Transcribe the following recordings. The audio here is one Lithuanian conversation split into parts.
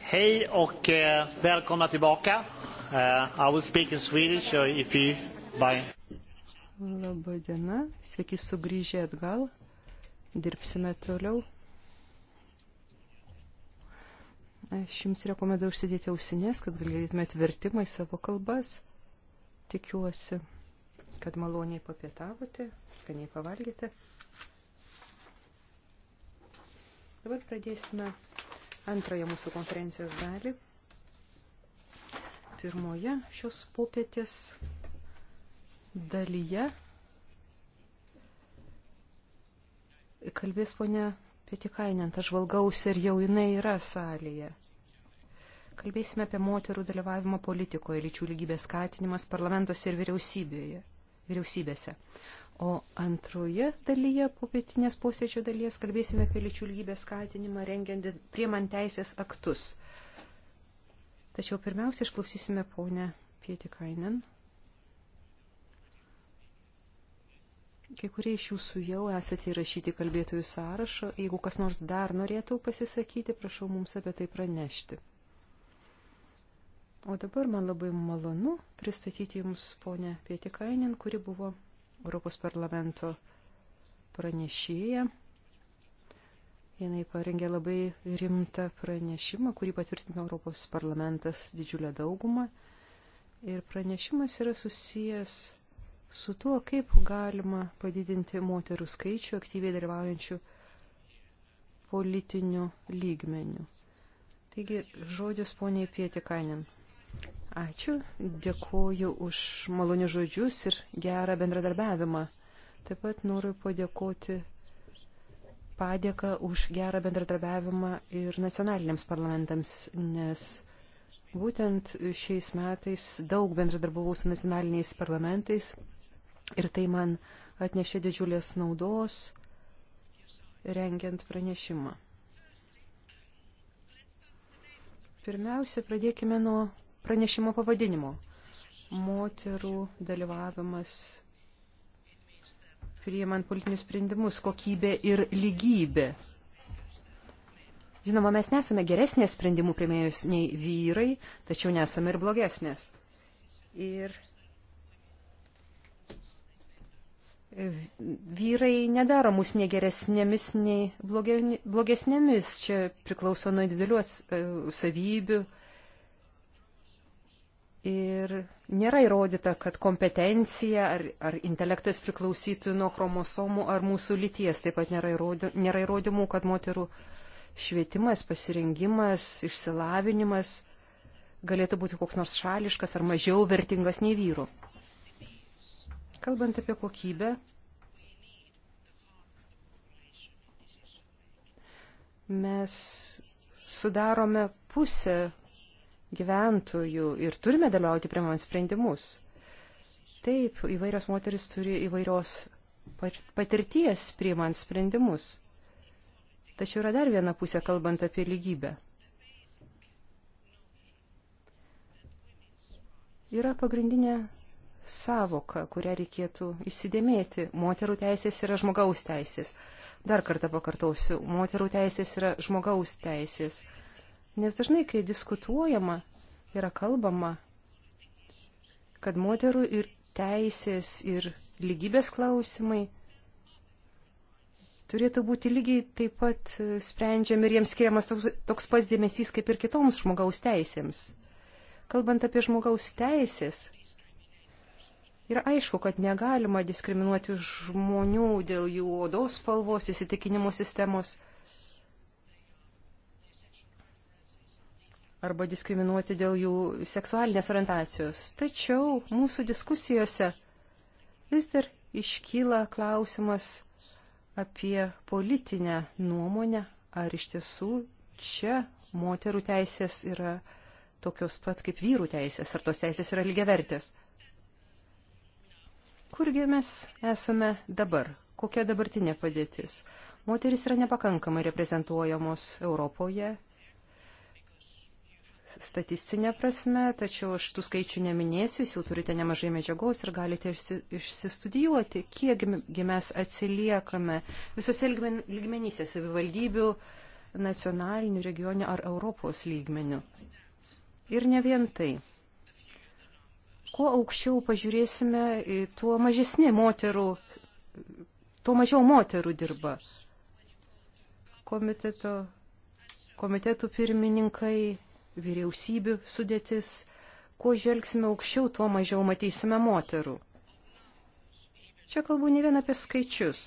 Hej och eh, välkomna tillbaka. Uh, I will speak in Swedish if you by. Labą dieną, sveiki sugrįžę atgal dirbsime toliau. Aš jums rekomenduoju užsidėti ausinės, kad galėtumėte vertimą į savo kalbas. Tikiuosi, kad maloniai papietavote, skaniai pavalgėte. Dabar pradėsime antrąją mūsų konferencijos dalį. Pirmoje šios popietės dalyje Kalbės ponia Pietikainant, aš valgausi ir jau jinai yra salėje. Kalbėsime apie moterų dalyvavimą politikoje, lyčių lygybės skatinimas parlamentuose ir vyriausybėse. O antroje dalyje, popietinės posėdžio dalies, kalbėsime apie lyčių lygybės skatinimą, rengiant priemant teisės aktus. Tačiau pirmiausia, išklausysime ponę Pietikainen. Kai kurie iš jūsų jau esate įrašyti kalbėtojų sąrašo. Jeigu kas nors dar norėtų pasisakyti, prašau mums apie tai pranešti. O dabar man labai malonu pristatyti Jums ponę Pietikainin, kuri buvo Europos parlamento pranešėja. Jinai parengė labai rimtą pranešimą, kurį patvirtino Europos parlamentas didžiulę daugumą. Ir pranešimas yra susijęs su tuo, kaip galima padidinti moterų skaičių aktyviai dalyvaujančių politinių lygmenių. Taigi, žodis poniai Pietikainin. Ačiū, dėkoju už malonius žodžius ir gerą bendradarbiavimą. Taip pat noriu padėkoti padėką už gerą bendradarbiavimą ir nacionaliniams parlamentams, nes Būtent šiais metais daug bendradarbiavau su nacionaliniais parlamentais ir tai man atnešė didžiulės naudos rengiant pranešimą. Pirmiausia, pradėkime nuo pranešimo pavadinimo. Moterų dalyvavimas priimant politinius sprendimus, kokybė ir lygybė. Žinoma, mes nesame geresnės sprendimų primėjus nei vyrai, tačiau nesame ir blogesnės. Ir vyrai nedaro mus negeresnėmis nei blogesnėmis. Čia priklauso nuo didelių e, savybių. Ir nėra įrodyta, kad kompetencija ar, ar intelektas priklausytų nuo chromosomų ar mūsų lyties. Taip pat nėra, įrody, nėra įrodymų, kad moterų uh, švietimas, pasirengimas, išsilavinimas galėtų būti koks nors šališkas ar mažiau vertingas nei vyrų. Kalbant apie kokybę, mes sudarome pusę gyventojų ir turime dalyvauti priimant sprendimus. Taip, įvairios moteris turi įvairios patirties priimant sprendimus. Tačiau yra dar viena pusė, kalbant apie lygybę. Yra pagrindinė savoka, kurią reikėtų įsidėmėti. Moterų teisės yra žmogaus teisės. Dar kartą pakartosiu, moterų teisės yra žmogaus teisės. Nes dažnai, kai diskutuojama, yra kalbama, kad moterų ir teisės ir lygybės klausimai turėtų būti lygiai taip pat e, sprendžiami ir jiems skiriamas toks, toks pats dėmesys kaip ir kitoms žmogaus teisėms. Kalbant apie žmogaus teisės, yra aišku, kad negalima diskriminuoti žmonių dėl jų odos spalvos, įsitikinimo sistemos arba diskriminuoti dėl jų seksualinės orientacijos. Tačiau mūsų diskusijose vis dar iškyla klausimas apie politinę nuomonę, ar iš tiesų čia moterų teisės yra tokios pat kaip vyrų teisės, ar tos teisės yra lygiavertės. Kurgi mes esame dabar? Kokia dabartinė padėtis? Moteris yra nepakankamai reprezentuojamos Europoje statistinė prasme, tačiau aš tų skaičių neminėsiu, jūs jau turite nemažai medžiagos ir galite išsistudijuoti, kiekgi mes atsiliekame visose lygmenyse - savivaldybių, nacionalinių, regionių ar Europos lygmenių. Ir ne vien tai. Kuo aukščiau pažiūrėsime, e, tuo mažesni moterų, tuo mažiau moterų dirba. Komiteto komitetų pirmininkai vyriausybių sudėtis. Kuo žvelgsime aukščiau, tuo mažiau matysime moterų. Čia kalbu ne vien apie skaičius,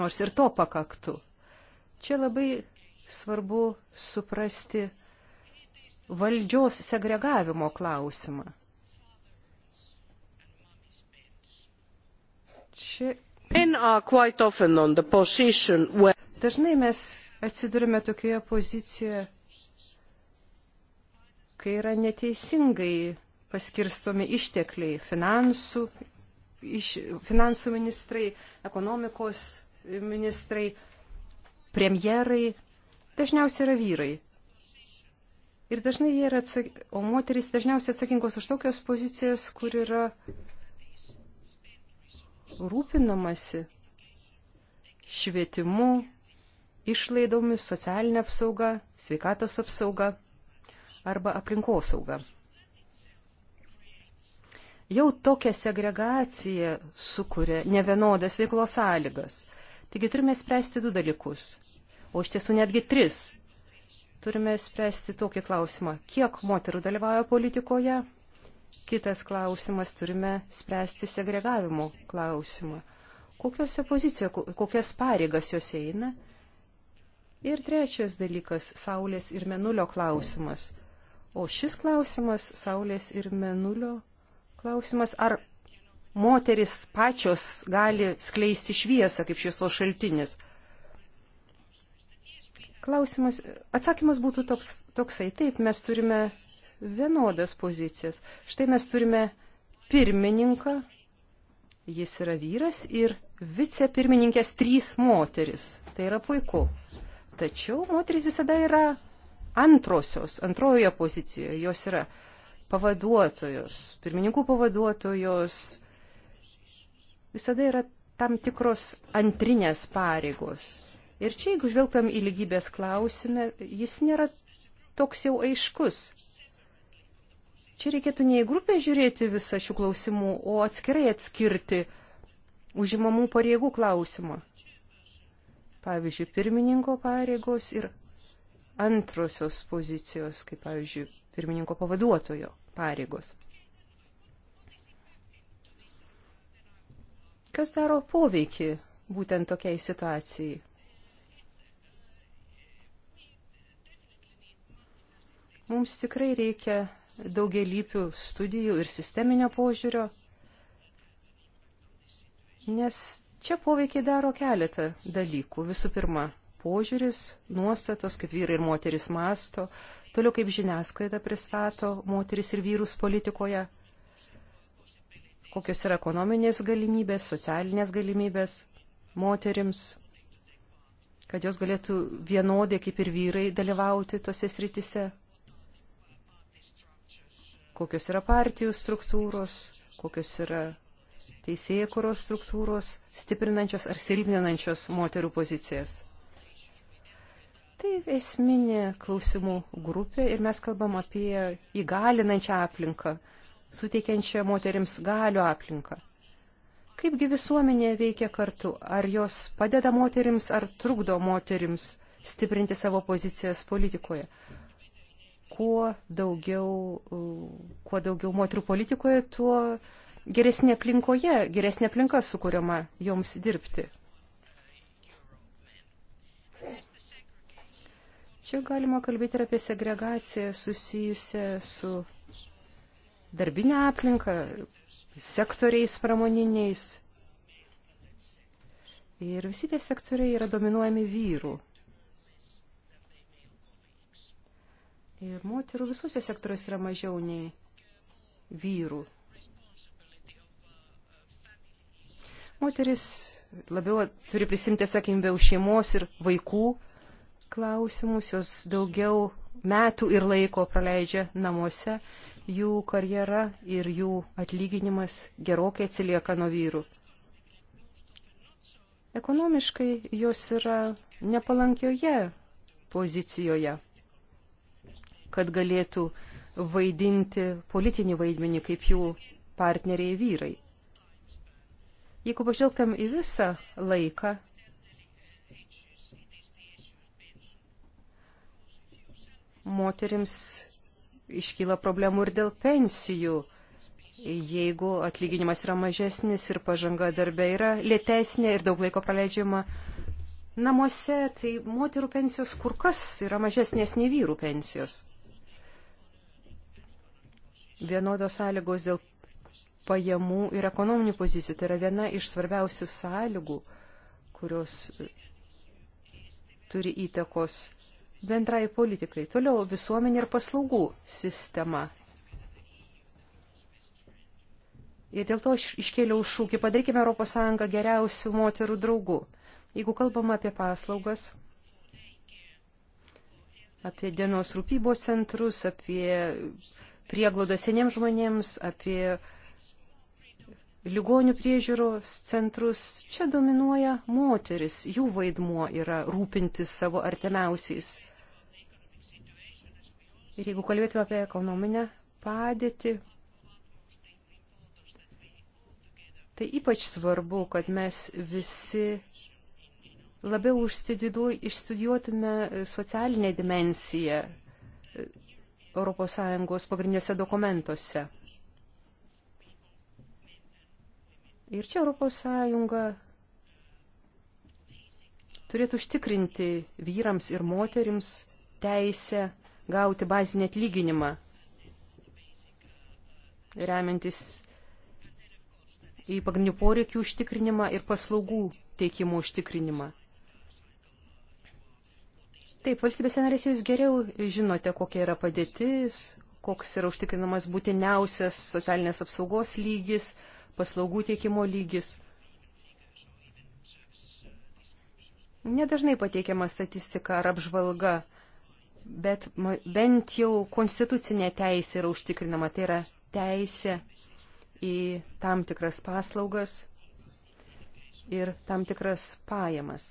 nors ir to pakaktų. Čia labai svarbu suprasti valdžios segregavimo klausimą. Čia... Dažnai mes atsidurime tokioje pozicijoje, kai yra neteisingai paskirstomi ištekliai finansų, iš, finansų ministrai, ekonomikos ministrai, premjerai, dažniausiai yra vyrai. Ir dažnai jie yra atsakingi, o moterys dažniausiai atsakingos už tokias pozicijas, kur yra rūpinamasi švietimu, išlaidomis, socialinė apsauga, sveikatos apsauga arba aplinkosauga. Jau tokia segregacija sukuria nevienodas veiklos sąlygas. Taigi turime spręsti du dalykus, o iš tiesų netgi tris. Turime spręsti tokį klausimą, kiek moterų dalyvauja politikoje. Kitas klausimas, turime spręsti segregavimo klausimą. Kokiose pozicijoje, kokias pareigas jos eina. Ir trečias dalykas - Saulės ir Menulio klausimas. O šis klausimas, Saulės ir Menulio klausimas, ar moteris pačios gali skleisti šviesą kaip šviesos šaltinis? Klausimas, atsakymas būtų toks, toksai, taip, mes turime vienodas pozicijas. Štai mes turime pirmininką, jis yra vyras ir vicepirmininkės trys moteris. Tai yra puiku. Tačiau moteris visada yra antrosios, antrojoje pozicijoje, jos yra pavaduotojos, pirmininkų pavaduotojos, visada yra tam tikros antrinės pareigos. Ir čia, jeigu žvelgtam į lygybės klausime, jis nėra toks jau aiškus. Čia reikėtų ne į grupę žiūrėti visą šių klausimų, o atskirai atskirti užimamų pareigų klausimą. Pavyzdžiui, pirmininko pareigos ir antrosios pozicijos, kaip pavyzdžiui, pirmininko pavaduotojo pareigos. Kas daro poveikį būtent tokiai situacijai? Mums tikrai reikia daugelypių studijų ir sisteminio požiūrio, nes čia poveikiai daro keletą dalykų. Visų pirma, požiūris, nuostatos, kaip vyrai ir moteris masto, toliau kaip žiniasklaida pristato moteris ir vyrus politikoje, kokios yra ekonominės galimybės, socialinės galimybės moterims, kad jos galėtų vienodai kaip ir vyrai dalyvauti tose sritise, kokios yra partijų struktūros, kokios yra teisėjai, kurios struktūros stiprinančios ar silpninančios moterų pozicijas. Tai esminė klausimų grupė ir mes kalbam apie įgalinančią aplinką, suteikiančią moteriams galių aplinką. Kaipgi visuomenė veikia kartu, ar jos padeda moteriams, ar trukdo moteriams stiprinti savo pozicijas politikoje. Kuo daugiau, kuo daugiau moterų politikoje, tuo geresnė aplinkoje, geresnė aplinka sukūriama joms dirbti. Čia galima kalbėti ir apie segregaciją susijusią su darbinė aplinka, sektoriais pramoniniais. Ir visi tie sektoriai yra dominuojami vyrų. Ir moterų visose sektoriuose yra mažiau nei vyrų. Moteris labiau turi prisimti, sakykime, už šeimos ir vaikų klausimus, jos daugiau metų ir laiko praleidžia namuose, jų karjera ir jų atlyginimas gerokai atsilieka nuo vyrų. Ekonomiškai jos yra nepalankioje pozicijoje, kad galėtų vaidinti politinį vaidmenį kaip jų partneriai vyrai. Jeigu pažvelgtam į visą laiką, moterims iškyla problemų ir dėl pensijų. Jeigu atlyginimas yra mažesnis ir pažanga darbė yra lėtesnė ir daug laiko praleidžiama namuose, tai moterų pensijos kur kas yra mažesnės nei vyrų pensijos. Vienodos sąlygos dėl pajamų ir ekonominių pozicijų tai yra viena iš svarbiausių sąlygų, kurios turi įtakos bendrai politikai. Toliau visuomenė ir paslaugų sistema. Ir dėl to aš iškėliau šūkį, padarykime ES geriausių moterų draugų. Jeigu kalbama apie paslaugas, apie dienos rūpybos centrus, apie prieglodą seniems žmonėms, apie ligonių priežiūros centrus. Čia dominuoja moteris, jų vaidmuo yra rūpintis savo artimiausiais. Ir jeigu kalbėtume apie ekonominę padėtį, tai ypač svarbu, kad mes visi labiau išstudijuotume socialinę dimensiją ES pagrindinėse dokumentuose. Ir čia ES turėtų užtikrinti vyrams ir moterims teisę gauti bazinį atlyginimą, remiantis į pagrindinių poreikių užtikrinimą ir paslaugų teikimo užtikrinimą. Taip, valstybėse narės jūs geriau žinote, kokia yra padėtis, koks yra užtikrinamas būtiniausias socialinės apsaugos lygis, paslaugų teikimo lygis. Nedažnai pateikiama statistika ar apžvalga bet bent jau konstitucinė teisė yra užtikrinama, tai yra teisė į tam tikras paslaugas ir tam tikras pajamas.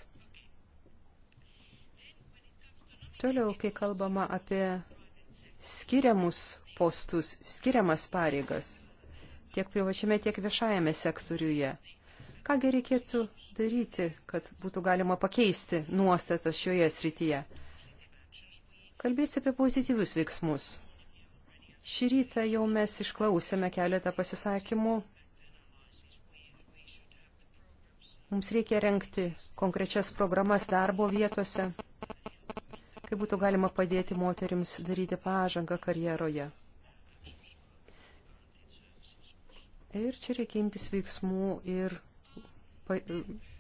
Toliau, kai kalbama apie skiriamus postus, skiriamas pareigas, tiek privačiame, tiek viešajame sektoriuje. Kągi reikėtų daryti, kad būtų galima pakeisti nuostatas šioje srityje? Kalbėsiu apie pozityvius veiksmus. Šį rytą jau mes išklausėme keletą pasisakymų. Mums reikia renkti konkrečias programas darbo vietose, kaip būtų galima padėti moterims daryti pažangą karjeroje. Ir čia reikia imtis veiksmų ir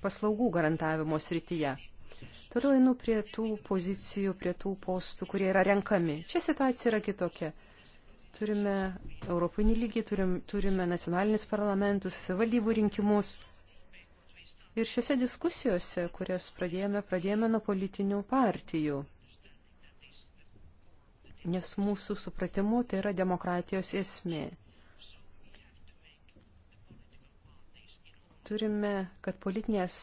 paslaugų garantavimo srityje. Toliau einu prie tų pozicijų, prie tų postų, kurie yra renkami. Čia situacija yra kitokia. Turime Europinį lygį, turim, turime nacionalinius parlamentus, valdybų rinkimus. Ir šiuose diskusijose, kurias pradėjome, pradėjome nuo politinių partijų. Nes mūsų supratimu tai yra demokratijos esmė. turime, kad politinės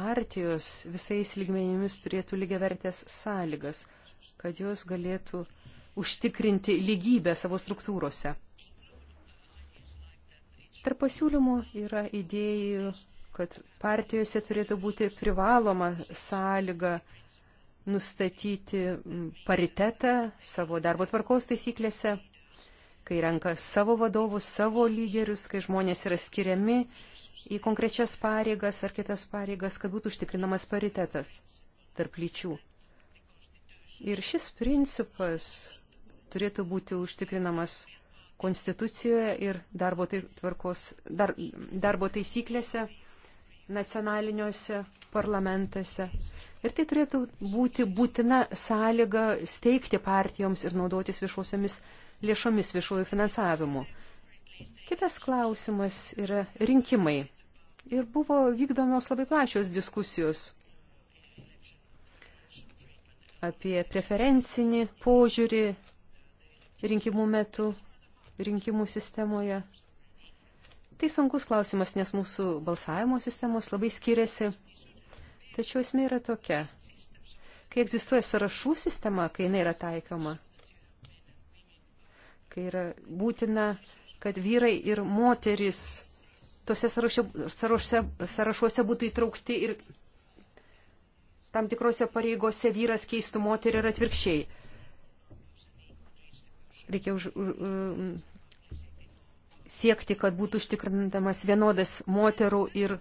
partijos visais lygmenimis turėtų lygiavertės sąlygas, kad jos galėtų užtikrinti lygybę savo struktūrose. Tarp pasiūlymų yra idėjų, kad partijose turėtų būti privaloma sąlyga nustatyti paritetą savo darbo tvarkos taisyklėse, kai renka savo vadovus, savo lyderius, kai žmonės yra skiriami į konkrečias pareigas ar kitas pareigas, kad būtų užtikrinamas paritetas tarp lyčių. Ir šis principas turėtų būti užtikrinamas Konstitucijoje ir darbo, tai- tvarkos, dar, darbo taisyklėse, nacionaliniuose parlamentuose. Ir tai turėtų būti būtina sąlyga steigti partijoms ir naudotis viešuosiamis lėšomis viešuoju finansavimu. Kitas klausimas yra rinkimai. Ir buvo vykdomos labai plačios diskusijos apie preferencinį požiūrį rinkimų metu, rinkimų sistemoje. Tai sunkus klausimas, nes mūsų balsavimo sistemos labai skiriasi. Tačiau esmė yra tokia. Kai egzistuoja sąrašų sistema, kai jinai yra taikoma, kai yra būtina kad vyrai ir moteris tose sąraše, sąraše, sąrašuose būtų įtraukti ir tam tikrose pareigose vyras keistų moterį ir atvirkščiai. Reikia už, už, um, siekti, kad būtų užtikrintamas vienodas moterų ir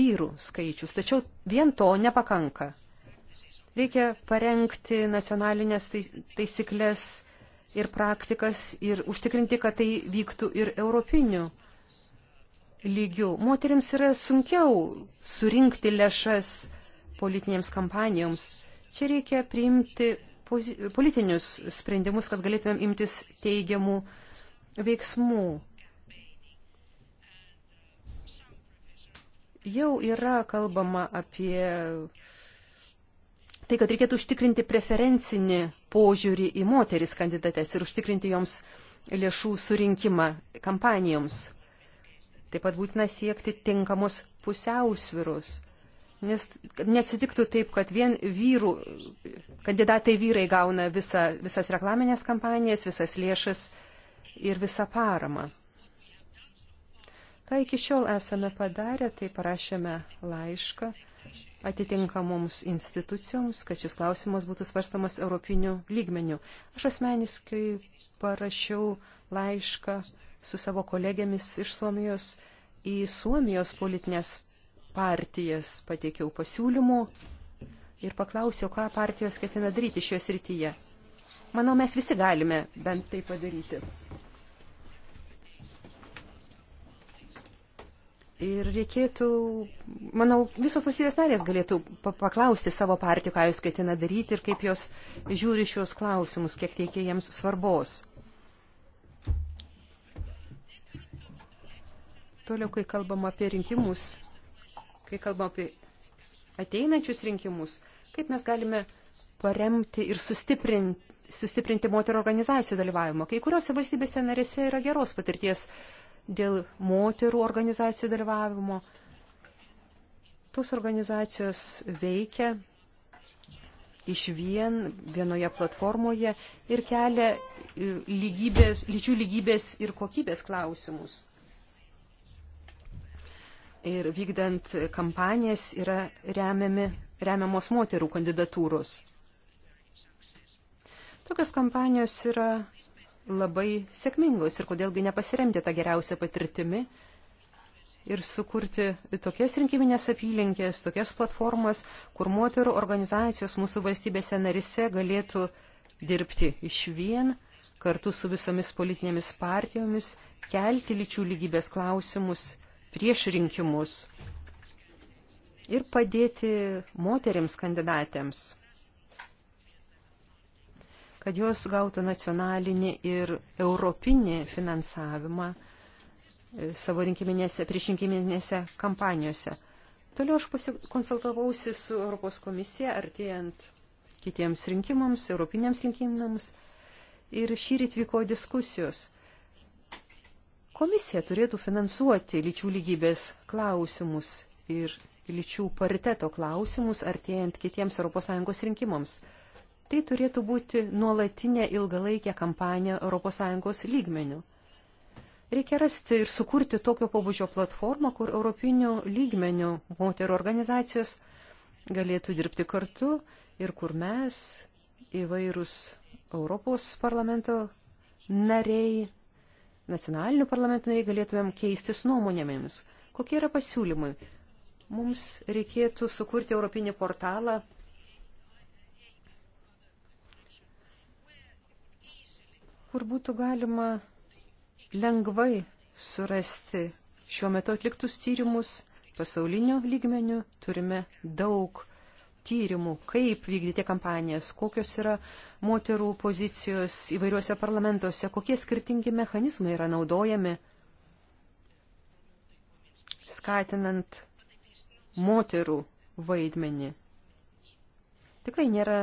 vyrų skaičius. Tačiau vien to nepakanka. Reikia parengti nacionalinės tai, taisyklės ir praktikas ir užtikrinti, kad tai vyktų ir europiniu lygiu. Moterims yra sunkiau surinkti lėšas politinėms kampanijoms. Čia reikia priimti politinius sprendimus, kad galėtumėm imtis teigiamų veiksmų. Jau yra kalbama apie tai, kad reikėtų užtikrinti preferencinį požiūrį į moteris kandidates ir užtikrinti joms lėšų surinkimą kampanijoms. Taip pat būtina siekti tinkamos pusiausvirus. Nes nesitiktų taip, kad vien vyrų, kandidatai vyrai gauna visa, visas reklaminės kampanijas, visas lėšas ir visą paramą. Ką iki šiol esame padarę, tai parašėme laišką atitinkamoms institucijoms, kad šis klausimas būtų svarstamas europiniu lygmeniu. Aš asmeniškai parašiau laišką su savo kolegėmis iš Suomijos į Suomijos politinės partijas, pateikiau pasiūlymų ir paklausiau, ką partijos ketina daryti šioje srityje. Manau, mes visi galime bent tai padaryti. Ir reikėtų, manau, visos valstybės narės galėtų paklausti savo partijų, ką jūs ketina daryti ir kaip jos žiūri šios klausimus, kiek teikia jiems svarbos. Toliau, kai kalbam apie rinkimus, kai kalbam apie ateinančius rinkimus, kaip mes galime paremti ir sustiprinti sustiprinti moterų organizacijų dalyvavimo. Kai kuriuose valstybėse narėse yra geros patirties uh, dėl moterų organizacijų dalyvavimo. Tos organizacijos veikia iš vien vienoje platformoje ir kelia e, lygybės, lyčių lygybės ir kokybės klausimus. Ir vykdant kampanijas yra remiami, remiamos moterų kandidatūros. Tokios kampanijos yra labai sėkmingos ir kodėlgi nepasiremti tą geriausią patirtimi ir sukurti tokias rinkiminės apylinkės, tokias platformas, kur moterų organizacijos mūsų valstybėse narise galėtų dirbti iš vien kartu su visomis politinėmis partijomis, kelti lyčių lygybės klausimus prieš rinkimus ir padėti moteriams kandidatėms kad jos gautų nacionalinį ir europinį finansavimą e, savo rinkiminėse, priešrinkiminėse kampanijose. Toliau aš pasikonsultavausi su Europos komisija, artėjant kitiems rinkimams, europiniams rinkimams. Ir šį rytį vyko diskusijos. Komisija turėtų finansuoti lyčių lygybės klausimus ir lyčių pariteto klausimus, artėjant kitiems ES rinkimams. Tai turėtų būti nuolatinė ilgalaikė kampanija ES lygmenių. Reikia rasti ir sukurti tokio pobūdžio platformą, kur europinių lygmenių moterų organizacijos galėtų dirbti kartu ir kur mes, įvairūs Europos parlamento nariai, nacionalinių parlamento nariai galėtumėm keistis nuomonėmis. Kokie yra pasiūlymai? Mums reikėtų sukurti europinį portalą kur būtų galima lengvai surasti šiuo metu atliktus tyrimus pasauliniu lygmeniu. Turime daug tyrimų, kaip vykdyti kampanijas, kokios yra moterų pozicijos įvairiuose parlamentuose, kokie skirtingi mechanizmai yra naudojami, skatinant moterų vaidmenį. Tikrai nėra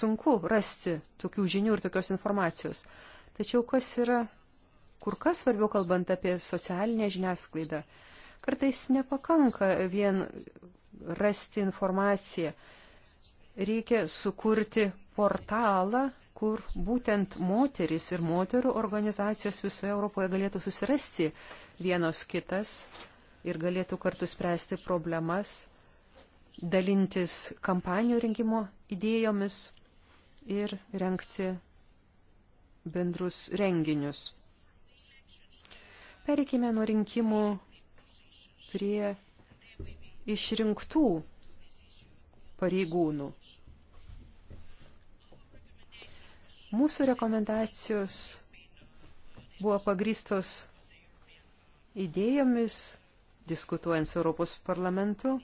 sunku rasti tokių žinių ir tokios informacijos. Tačiau kas yra kur kas svarbiau kalbant apie socialinę žiniasklaidą, kartais nepakanka vien rasti informaciją. Reikia sukurti portalą, kur būtent moteris ir moterų organizacijos visoje Europoje galėtų susirasti vienos kitas ir galėtų kartu spręsti problemas, dalintis kampanijų rinkimo idėjomis ir renkti bendrus renginius. Pereikime nuo rinkimų prie išrinktų pareigūnų. Mūsų rekomendacijos buvo pagristos idėjomis, diskutuojant su Europos parlamentu,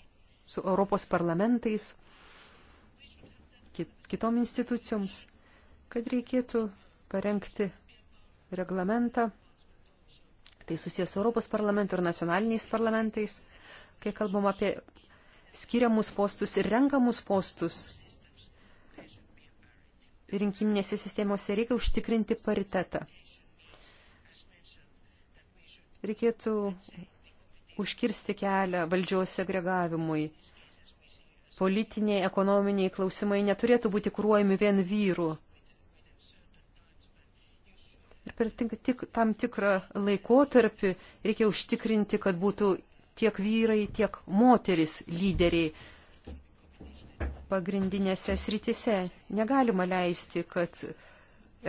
su Europos parlamentais, kitom institucijoms, kad reikėtų parengti reglamentą. Tai susijęs Europos parlamentu ir nacionaliniais parlamentais, kai kalbam apie skiriamus postus ir renkamus postus. Rinkiminėse sistemose reikia užtikrinti paritetą. Reikėtų užkirsti kelią valdžios segregavimui. Politiniai, ekonominiai klausimai neturėtų būti kūruojami vien vyrų. Ir per tink, tik tam tikrą laikotarpį reikia užtikrinti, kad būtų tiek vyrai, tiek moteris lyderiai pagrindinėse sritise. Negalima leisti, kad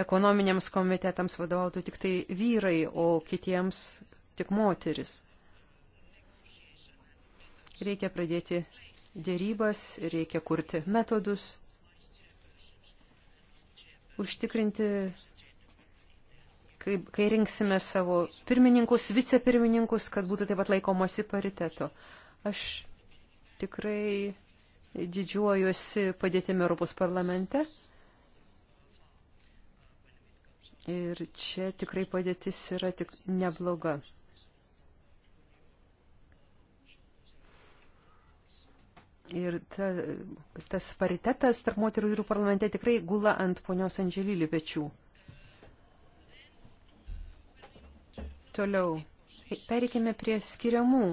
ekonominiams komitetams vadovautų tik tai vyrai, o kitiems tik moteris. Reikia pradėti dėrybas, reikia kurti metodus, užtikrinti kai, kai rinksime savo pirmininkus, vicepirmininkus, kad būtų taip pat laikomasi pariteto. Aš tikrai didžiuojuosi padėtimi Europos parlamente. Ir čia tikrai padėtis yra tik nebloga. Ir ta, tas paritetas tarp moterų ir jų parlamente tikrai gula ant ponios Andželylį pečių. Toliau, pereikime prie skiriamų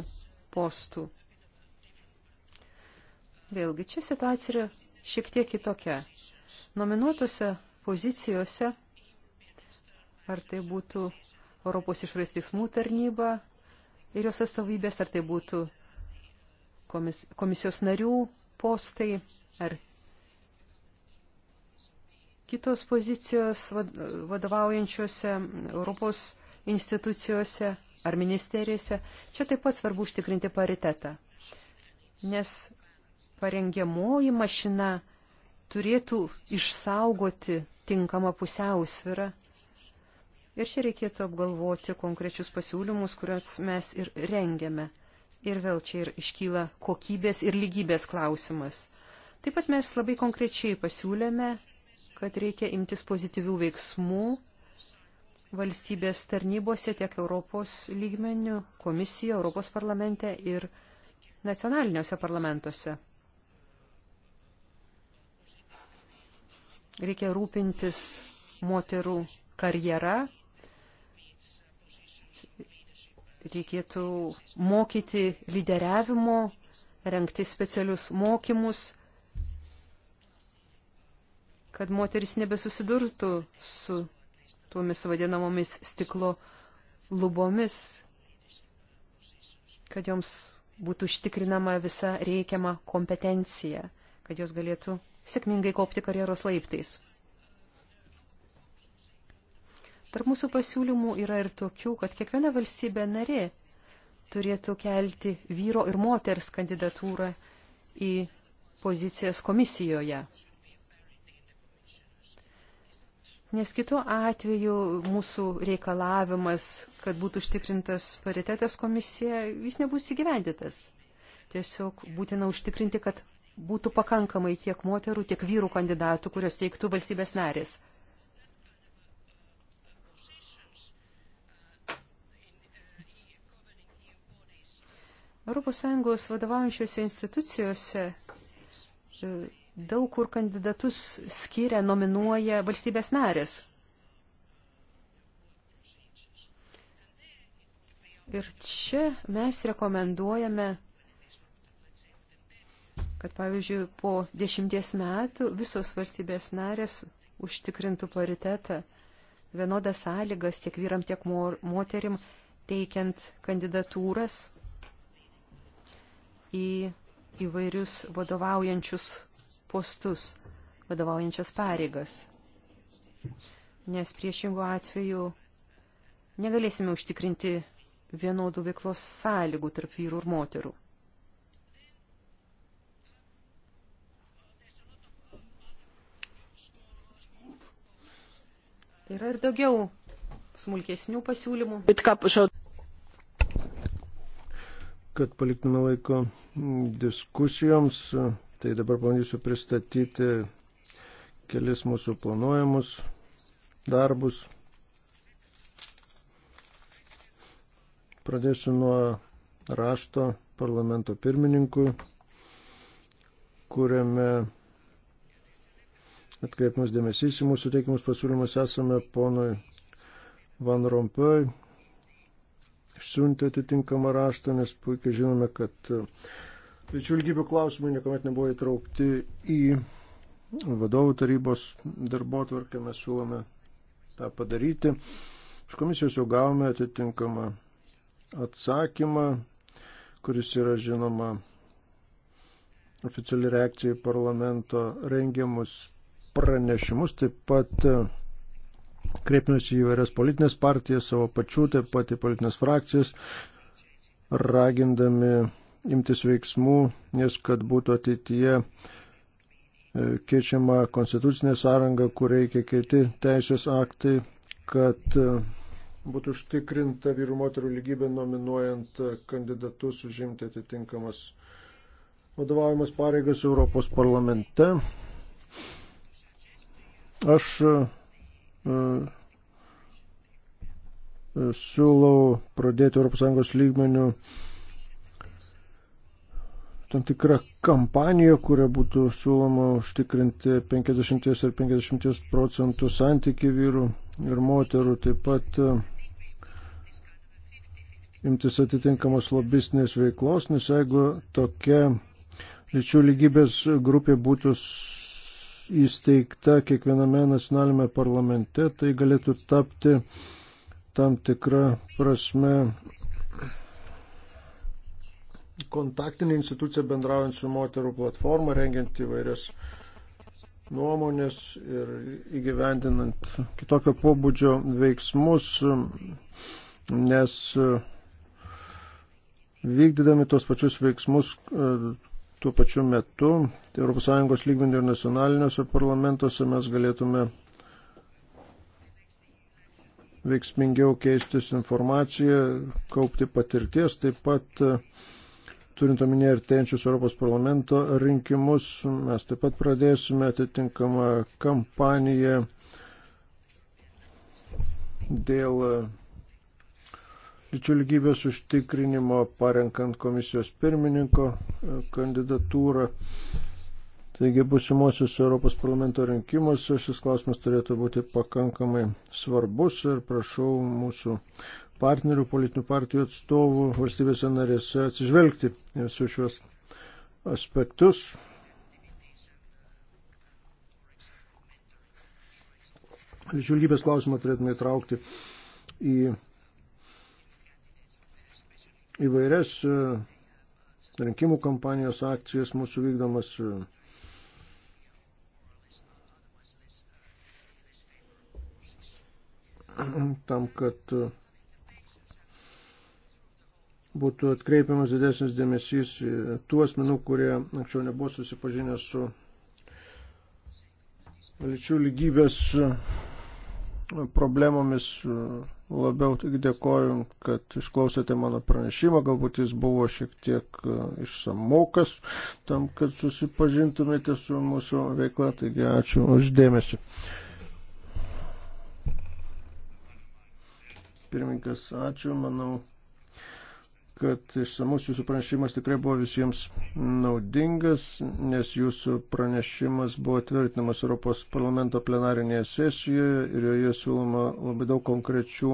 postų. Vėlgi, čia situacija yra šiek tiek kitokia. Nominuotose pozicijose, ar tai būtų Europos išorės veiksmų tarnyba ir jos atstovybės, ar tai būtų komis, komisijos narių postai, ar kitos pozicijos vadovaujančiose Europos institucijose ar ministerijose, čia taip pat svarbu užtikrinti paritetą, nes parengiamoji mašina turėtų išsaugoti tinkamą pusiausvirą. Ir čia reikėtų apgalvoti konkrečius pasiūlymus, kuriuos mes ir rengiame. Ir vėl čia ir iškyla kokybės ir lygybės klausimas. Taip pat mes labai konkrečiai pasiūlėme, kad reikia imtis pozityvių veiksmų valstybės tarnybose, tiek Europos lygmenių, komisijoje, Europos parlamente ir nacionaliniuose parlamentuose. Reikia rūpintis moterų karjera, reikėtų mokyti lyderiavimo, renkti specialius mokymus, kad moteris nebesusidurtų su tuomis vadinamomis stiklo lubomis, kad joms būtų užtikrinama visa reikiama kompetencija, kad jos galėtų sėkmingai kopti karjeros laiptais. Tarp mūsų pasiūlymų yra ir tokių, kad kiekviena valstybė narė turėtų kelti vyro ir moters kandidatūrą į pozicijas komisijoje. Nes kitu atveju mūsų reikalavimas, kad būtų užtikrintas paritetas komisija, jis nebus įgyvendytas. Tiesiog būtina užtikrinti, kad būtų pakankamai tiek moterų, tiek vyrų kandidatų, kurios teiktų valstybės narės. ES vadovaujančiose institucijose e, daug kur kandidatus skiria, nominuoja valstybės narės. Ir čia mes rekomenduojame, kad pavyzdžiui po dešimties metų visos valstybės narės užtikrintų paritetą, vienodas sąlygas tiek vyram, tiek moterim, teikiant kandidatūras į įvairius vadovaujančius postus, vadovaujančias pareigas. Nes priešingų atveju negalėsime užtikrinti vienodų veiklos sąlygų tarp vyrų ir moterų. Yra ir daugiau smulkesnių pasiūlymų. Kad paliktume laiko diskusijoms, Tai dabar bandysiu pristatyti kelis mūsų planuojamus darbus. Pradėsiu nuo rašto parlamento pirmininkui, kuriame atkreipimas dėmesys į mūsų teikimus pasiūlymus esame ponui Van Rompuy išsiuntė atitinkamą raštą, nes puikiai žinome, kad uh, Lyčių lygybių klausimai niekuomet nebuvo įtraukti į vadovų tarybos darbo tvarkę, mes siūlome tą padaryti. Iš komisijos jau gavome atitinkamą atsakymą, kuris yra žinoma oficiali reakcija į parlamento rengiamus pranešimus, taip pat e, kreipėmės į įvairias politinės partijas, savo pačių, taip pat į politinės frakcijas, ragindami imtis veiksmų, nes kad būtų ateityje e, keičiama konstitucinė sąranga, kur reikia kiti teisės aktai, kad e, būtų užtikrinta vyrų moterų lygybė nominuojant kandidatus užimti atitinkamas vadovaujamas pareigas Europos parlamente. Aš e, siūlau pradėti ES lygmenių tam tikra kampanija, kuria būtų siūloma užtikrinti 50 ir 50 procentų santykių vyrų ir moterų, taip pat e, imtis atitinkamos lobistinės veiklos, nes jeigu tokia lyčių lygybės grupė būtų įsteigta kiekviename nacionalinėme parlamente, tai galėtų tapti tam tikrą prasme kontaktinė institucija bendraujant su moterų platforma, rengiant įvairias nuomonės ir įgyvendinant kitokio pobūdžio veiksmus, nes vykdydami tos pačius veiksmus tuo pačiu metu ES lygmenį ir nacionaliniuose parlamentuose mes galėtume veiksmingiau keistis informaciją, kaupti patirties, taip pat Turint omenyje artėjančius Europos parlamento rinkimus, mes taip pat pradėsime atitinkamą kampaniją dėl lyčių lygybės užtikrinimo, parenkant komisijos pirmininko kandidatūrą. Taigi busimuosius Europos parlamento rinkimuose šis klausimas turėtų būti pakankamai svarbus ir prašau mūsų partnerių, politinių partijų atstovų valstybėse narėse atsižvelgti su šios aspektus. Lyčių lygybės klausimą turėtume įtraukti į įvairias e, rinkimų kampanijos akcijas mūsų vykdomas e, tam, kad e, būtų atkreipiamas didesnis dėmesys tų asmenų, kurie anksčiau nebuvo susipažinę su lyčių lygybės e, problemomis e, labiau tik dėkoju, kad išklausėte mano pranešimą, galbūt jis buvo šiek tiek e, išsamokas tam, kad susipažintumėte su mūsų veikla, taigi ačiū uždėmesi. Pirmininkas, ačiū, manau, kad išsamus jūsų pranešimas tikrai buvo visiems naudingas, nes jūsų pranešimas buvo tvirtinamas Europos parlamento plenarinėje sesijoje ir joje siūloma labai daug konkrečių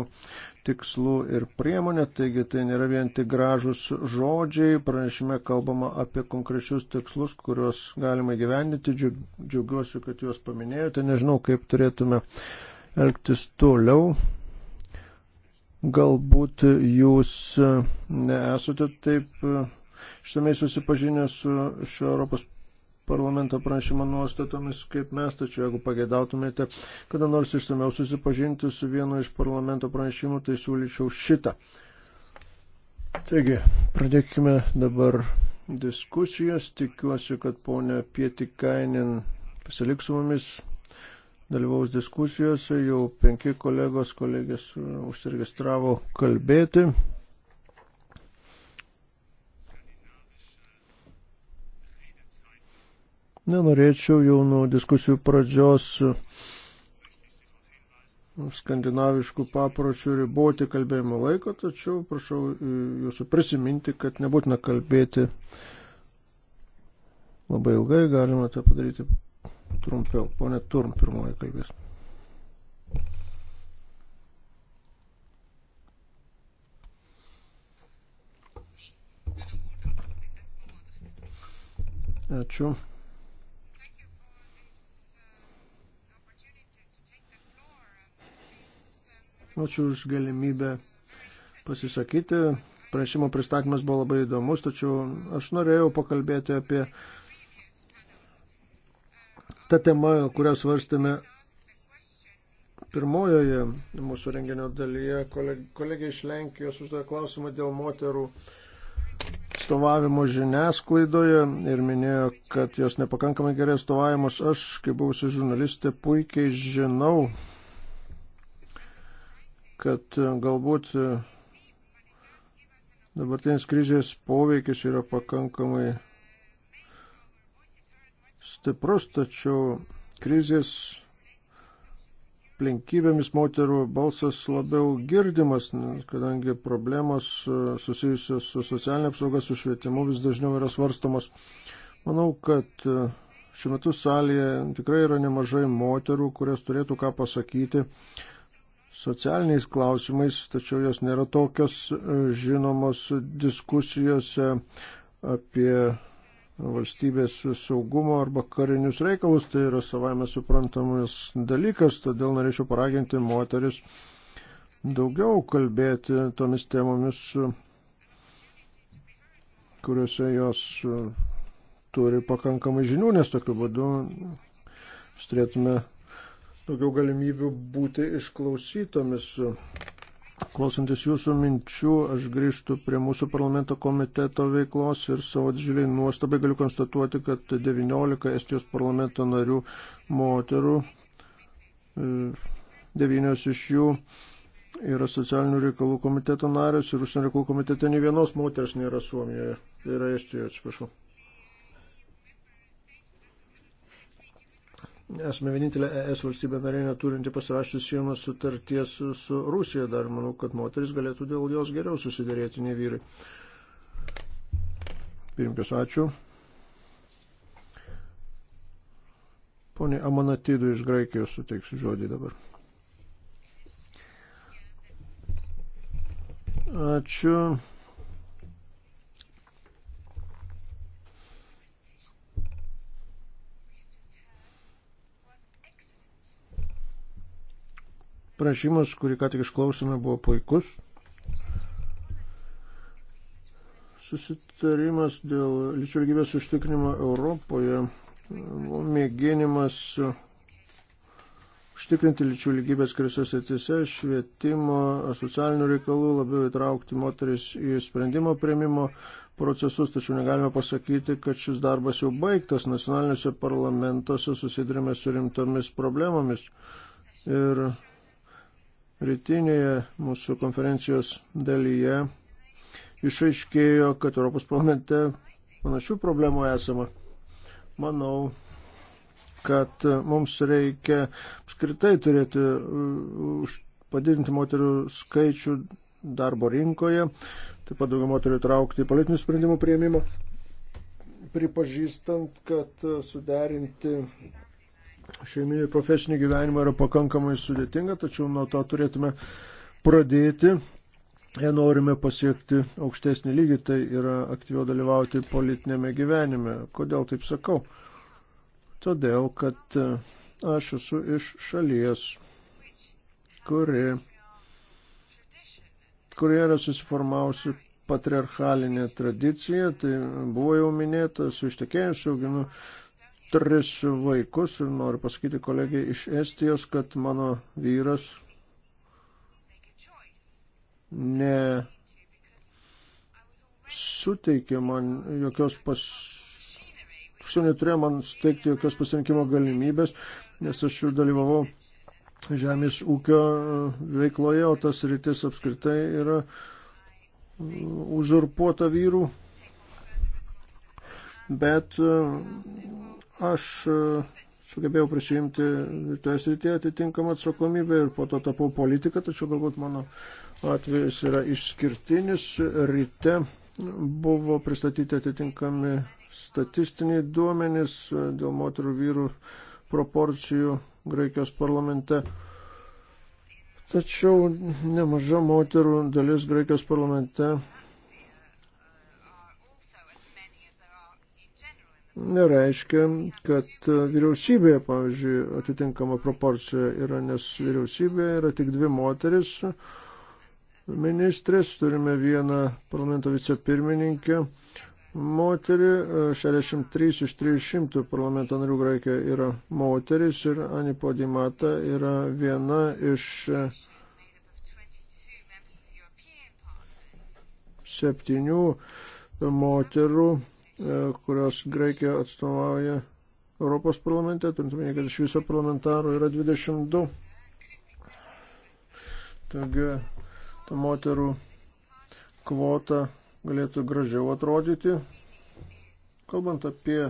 tikslų ir priemonė, taigi tai nėra vien tik gražus žodžiai, pranešime kalbama apie konkrečius tikslus, kuriuos galima gyvendyti, džiaugiuosi, kad juos paminėjote, nežinau, kaip turėtume elgtis toliau, Galbūt jūs nesate e, taip e, išsamei susipažinę su šio Europos parlamento pranešimo nuostatomis kaip mes, tačiau jeigu pageidautumėte, kada nors išsamiau susipažinti su vienu iš parlamento pranešimų, tai siūlyčiau šitą. Taigi, pradėkime dabar diskusijas. Tikiuosi, kad ponia Pietikainin pasiliks su mumis dalyvaus diskusijose, jau penki kolegos, kolegės uh, užsiregistravo kalbėti. Nenorėčiau jau nuo diskusijų pradžios uh, skandinaviškų papročių riboti kalbėjimo laiko, tačiau prašau uh, jūsų prisiminti, kad nebūtina kalbėti labai ilgai, galima tą padaryti trumpiau. Pone Turm pirmoji kalbės. Ačiū. Ačiū už galimybę pasisakyti. Prašymo pristatymas buvo labai įdomus, tačiau aš norėjau pakalbėti apie uh, ta tema, kurią svarstėme pirmojoje mūsų renginio dalyje. Kolegė iš Lenkijos uždavė klausimą dėl moterų atstovavimo žiniasklaidoje ir minėjo, kad jos nepakankamai gerai atstovavimas. Aš, kaip buvusi žurnalistė, puikiai žinau, kad galbūt dabartinis krizės poveikis yra pakankamai stiprus, tačiau krizės aplinkybėmis moterų balsas labiau girdimas, kadangi problemos e, susijusios su socialinė apsauga, su švietimu vis dažniau yra svarstamos. Manau, kad e, šiuo metu salėje tikrai yra nemažai moterų, kurios turėtų ką pasakyti socialiniais klausimais, tačiau jos nėra tokios e, žinomos diskusijose apie valstybės saugumo arba karinius reikalus, tai yra savame suprantamas dalykas, todėl norėčiau paraginti moteris daugiau kalbėti tomis temomis, kuriuose jos turi pakankamai žinių, nes tokiu būdu turėtume daugiau galimybių būti išklausytomis. Klausantis jūsų minčių, aš grįžtu prie mūsų parlamento komiteto veiklos ir savo didžiuliai nuostabai galiu konstatuoti, kad 19 Estijos parlamento narių moterų, 9 e, iš jų yra socialinių reikalų komiteto narės ir užsienio reikalų komitete nei vienos moters nėra Suomijoje, tai yra Estijoje, atsiprašau. esame vienintelė ES valstybė narė neturinti pasirašęs sienos sutarties su Rusija. Dar manau, kad moteris galėtų dėl jos geriau susidėrėti nei vyrai. Pirmkas, ačiū. Pone Amanatidų iš Graikijos suteiksiu žodį dabar. Ačiū. Prašymas, kurį ką tik išklausome, buvo puikus. Susitarimas dėl lyčių lygybės užtikrinimo Europoje buvo nu, mėginimas užtikrinti lyčių lygybės skiriuose srityse, švietimo, socialinių reikalų, labiau įtraukti moteris į sprendimo prieimimo procesus, tačiau negalime pasakyti, kad šis darbas jau baigtas. Nacionaliniuose parlamentuose susidurime su rimtomis problemomis. Ir rytinėje mūsų konferencijos dalyje išaiškėjo, kad Europos parlamente panašių problemų esama. Manau, kad mums reikia apskritai turėti uh, padidinti moterių skaičių darbo rinkoje, taip pat daugiau moterių traukti į politinių sprendimų prieimimą, pripažįstant, kad uh, suderinti šeiminį profesinį gyvenimą yra pakankamai sudėtinga, tačiau nuo to turėtume pradėti. Jei norime pasiekti aukštesnį lygį, tai yra aktyviau dalyvauti politinėme gyvenime. Kodėl taip sakau? Todėl, kad e, aš esu iš šalies, kuri, kurie yra susiformavusi patriarchalinė tradicija, tai buvo jau minėta, su ištekėjusiu auginu tris vaikus ir noriu pasakyti kolegiai iš Estijos, kad mano vyras ne suteikė man jokios pas... Tiksliau neturėjo man suteikti jokios pasirinkimo galimybės, nes aš jau dalyvavau žemės ūkio e, veikloje, o tas rytis apskritai yra e, uzurpuota vyrų. Bet e, Aš e, sugebėjau prisijimti ir toje srityje atitinkamą atsakomybę ir po to tapau politiką, tačiau galbūt mano atvejis yra išskirtinis. Ryte buvo pristatyti atitinkami statistiniai duomenys dėl moterų vyrų proporcijų Graikijos parlamente. Tačiau nemaža moterų dalis Graikijos parlamente nereiškia, kad vyriausybėje, pavyzdžiui, atitinkama proporcija yra, nes vyriausybėje yra tik dvi moteris ministrės, turime vieną parlamento vicepirmininkę. Moterį, 63 iš 300 parlamento narių Graikijoje yra moteris ir Anipodimata yra viena iš septynių moterų E, kurios Graikija atstovauja Europos parlamente, turintumėje, kad iš viso parlamentarų yra 22. Taigi, ta moterų kvota galėtų gražiau atrodyti. Kalbant apie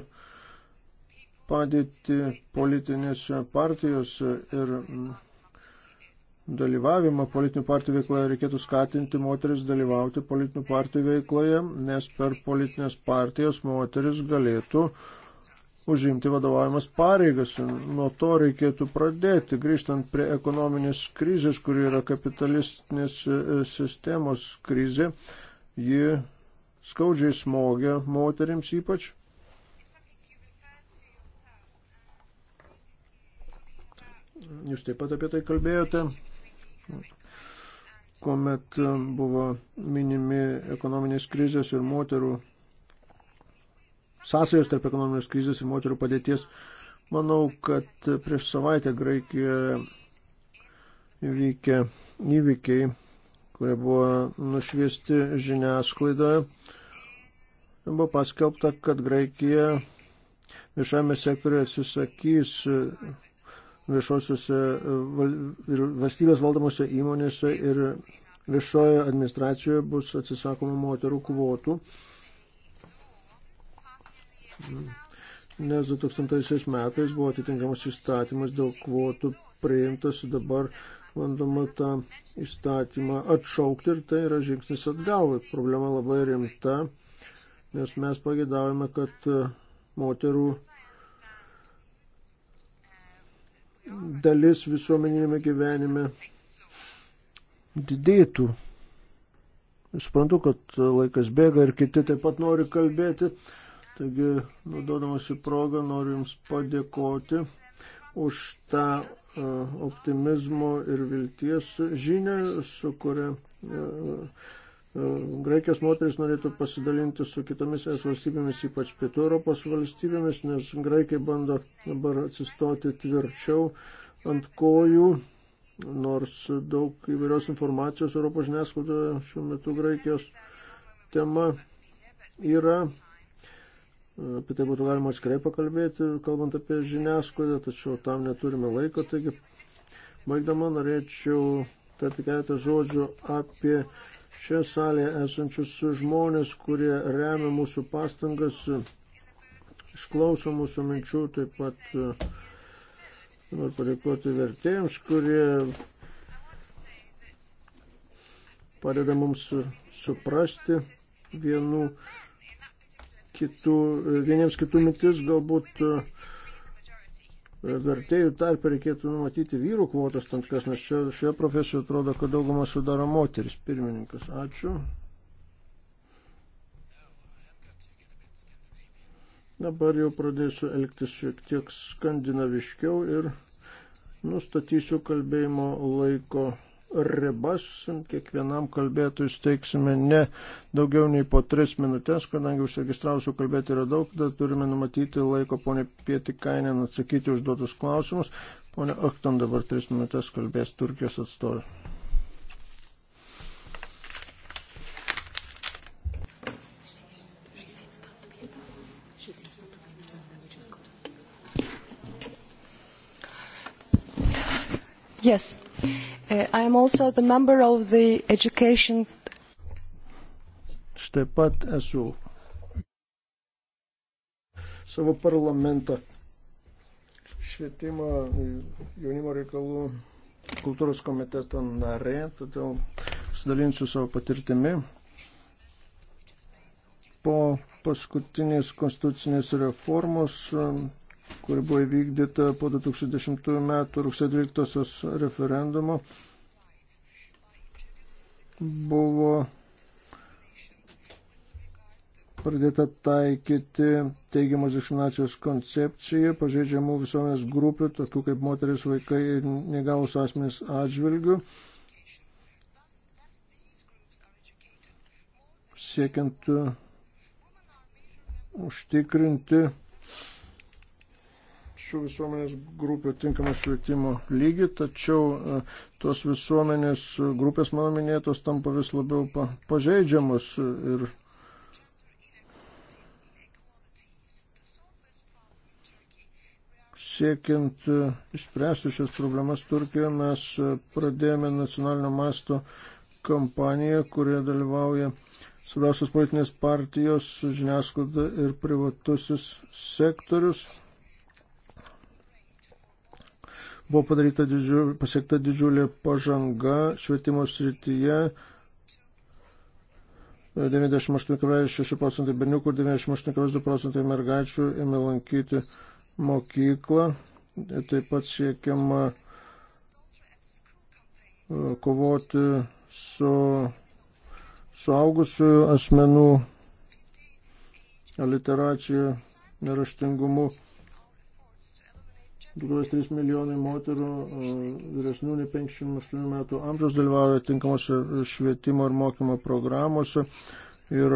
padėti politinėse partijose ir dalyvavimą politinių partijų veikloje reikėtų skatinti moteris dalyvauti politinių partijų veikloje, nes per politinės partijas moteris galėtų užimti vadovavimas pareigas. Nuo to reikėtų pradėti, grįžtant prie ekonominės krizės, kuri yra kapitalistinės e, sistemos krizė. Ji skaudžiai smogia moteriams ypač. Jūs taip pat apie tai kalbėjote kuomet buvo minimi ekonominės krizės ir moterų sąsajos tarp ekonominės krizės ir moterų padėties. Manau, kad prieš savaitę Graikijoje įvykė įvykiai, kurie buvo nušviesti žiniasklaidoje. Buvo paskelbta, kad Graikija viešame sektoriuje atsisakys viešosiuose e, ir valstybės valdomose įmonėse ir viešoje administracijoje bus atsisakoma moterų kvotų. Nes 2000 metais buvo atitinkamas įstatymas dėl kvotų priimtas, dabar bandoma tą įstatymą atšaukti ir tai yra žingsnis atgal. Problema labai rimta, nes mes pagėdavome, kad moterų dalis visuomenėme gyvenime didėtų. Suprantu, kad laikas bėga ir kiti taip pat nori kalbėti. Taigi, naudodamas į progą, noriu Jums padėkoti už tą e, optimizmo ir vilties žinę, su kuria e, E, Graikijos moteris norėtų pasidalinti su kitomis es valstybėmis, ypač pietų Europos valstybėmis, nes graikai bando dabar atsistoti tvirčiau ant kojų, nors daug įvairios informacijos Europos žiniasklaidoje šiuo metu Graikijos tema yra. Apie tai būtų galima atskirai pakalbėti, kalbant apie žiniasklaidą, tačiau tam neturime laiko. Taigi, baigdama, norėčiau tarti keletą žodžių apie šioje salėje esančius žmonės, kurie remia mūsų pastangas, išklauso mūsų minčių, taip pat e, noriu padėkoti vertėjams, kurie padeda mums suprasti vienų kitų, vieniems kitų mintis, galbūt uh, vertėjų tarpę reikėtų numatyti vyrų kvotas tam tikras, nes šio, šioje profesijoje atrodo, kad daugumą sudaro moteris. Pirmininkas, ačiū. Dabar jau pradėsiu elgtis šiek tiek skandinaviškiau ir nustatysiu kalbėjimo laiko ribas. Kiekvienam kalbėtojui steiksime ne daugiau nei po tris minutės, kadangi užsiregistravusių kalbėti yra daug, tada turime numatyti laiko ponė Pietikainė atsakyti užduotus klausimus. Pone Akton dabar tris minutės kalbės Turkijos atstovė. Yes. Uh, I am also the member of the education. Štai pat esu savo parlamentą švietimo jaunimo reikalų kultūros komiteto narė, todėl pasidalinsiu savo patirtimi. Po paskutinės konstitucinės reformos kuri buvo įvykdyta po 2010 metų rugsėjo 12 referendumo, buvo pradėta taikyti teigiamos diskriminacijos koncepciją pažeidžiamų visuomenės grupių, tokių kaip moteris, vaikai ir negalus asmenys atžvilgių. Siekiant uh, užtikrinti šių visuomenės grupių tinkamą švietimo lygį, tačiau e, tos visuomenės e, grupės, mano minėtos, tampa vis labiau pažeidžiamos ir siekiant e, išspręsti šias problemas Turkijoje, mes pradėjome nacionalinio masto kampaniją, kurioje dalyvauja svarbiausios politinės partijos, žiniasklaida ir privatusis sektorius. Buvo padaryta didžiulė, pasiekta didžiulė pažanga švietimo srityje. 98,6 procentai berniukų ir 98,2 procentai mergaičių ėmė lankyti mokyklą. Taip pat siekiama e, kovoti su suaugusių asmenų aliteracija neraštingumu. 2,3 milijonai moterų vyresnių nei 58 metų amžiaus dalyvauja tinkamose švietimo ir mokymo programuose ir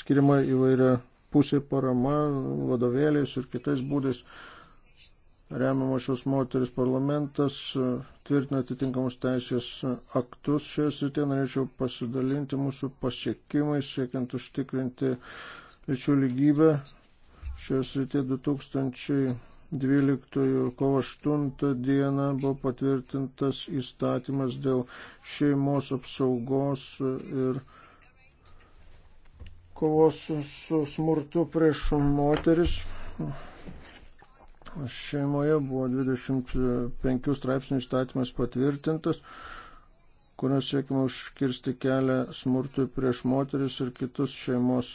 skiriama įvairia pusė parama vadovėliais ir kitais būdais remiamos šios moteris parlamentas tvirtina atitinkamus teisės aktus. Šioje srityje norėčiau pasidalinti mūsų pasiekimais, siekiant užtikrinti lyčių lygybę Šioje srityje 2012 kovo 8 dieną buvo patvirtintas įstatymas dėl šeimos apsaugos ir kovos su smurtu prieš moteris. Šeimoje buvo 25 straipsnių įstatymas patvirtintas kurios siekima užkirsti kelią smurtui prieš moteris ir kitus šeimos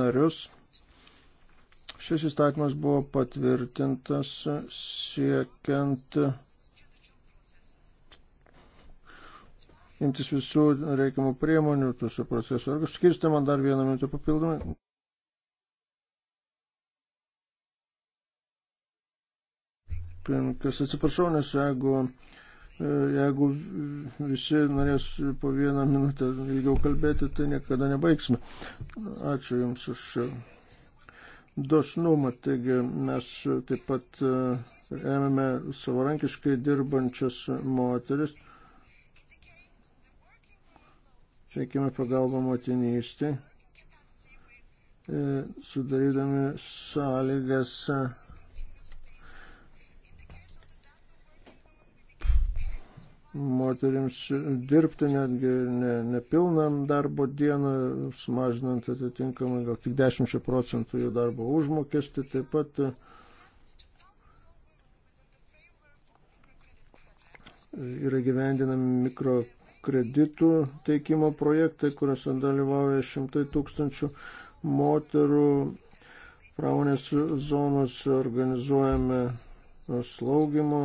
narius. Šis įstatymas buvo patvirtintas siekiant imtis visų reikiamų priemonių tuose procesuose. Ar skirstė man dar vieną minutę papildomai? Pinkas, atsiprašau, nes jeigu, jeigu visi norės po vieną minutę ilgiau kalbėti, tai niekada nebaigsime. Ačiū Jums už dosnumą. Taigi mes taip pat ėmėme e, savarankiškai dirbančias moteris, teikėme pagalbą motinystį, e, sudarydami sąlygas moteriams dirbti netgi nepilnam ne darbo dieną, sumažinant atitinkamai gal tik 10 procentų jų darbo užmokestį. Taip pat e, yra gyvendinami mikrokreditų teikimo projektai, kuriuose dalyvauja šimtai tūkstančių moterų. Pramonės zonos organizuojame slaugimo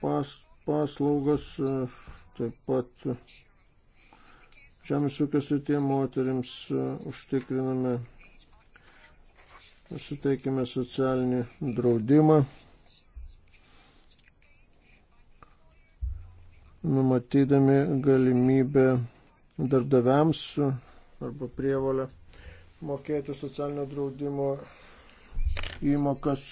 pas, paslaugos, e, taip pat žemės ūkio srityje moteriams e, užtikriname, suteikime socialinį draudimą, numatydami galimybę darbdaviams arba prievolę mokėti socialinio draudimo įmokas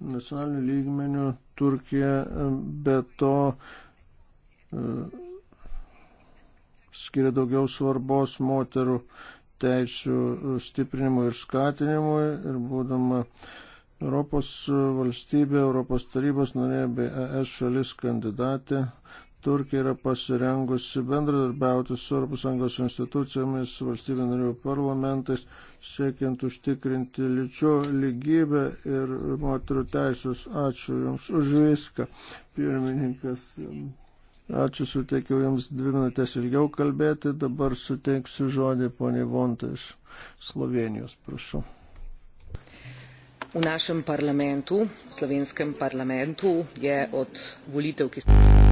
nacionaliniu lygmeniu Turkija be to e, skiria daugiau svarbos moterų teisų stiprinimui ir skatinimui ir būdama Europos valstybė, Europos tarybos narė bei ES šalis kandidatė Turkija yra pasirengusi bendradarbiauti su ES institucijomis, valstybė narių parlamentais, siekiant užtikrinti lyčių lygybę ir moterų teisės. Ačiū Jums už viską, pirmininkas. Ačiū, suteikiau Jums dvi minutės ilgiau kalbėti, dabar suteiksiu žodį poniai Vontai iš Slovenijos, prašau. V našem parlamentu, slovenskem parlamentu, je od volitev, ki so.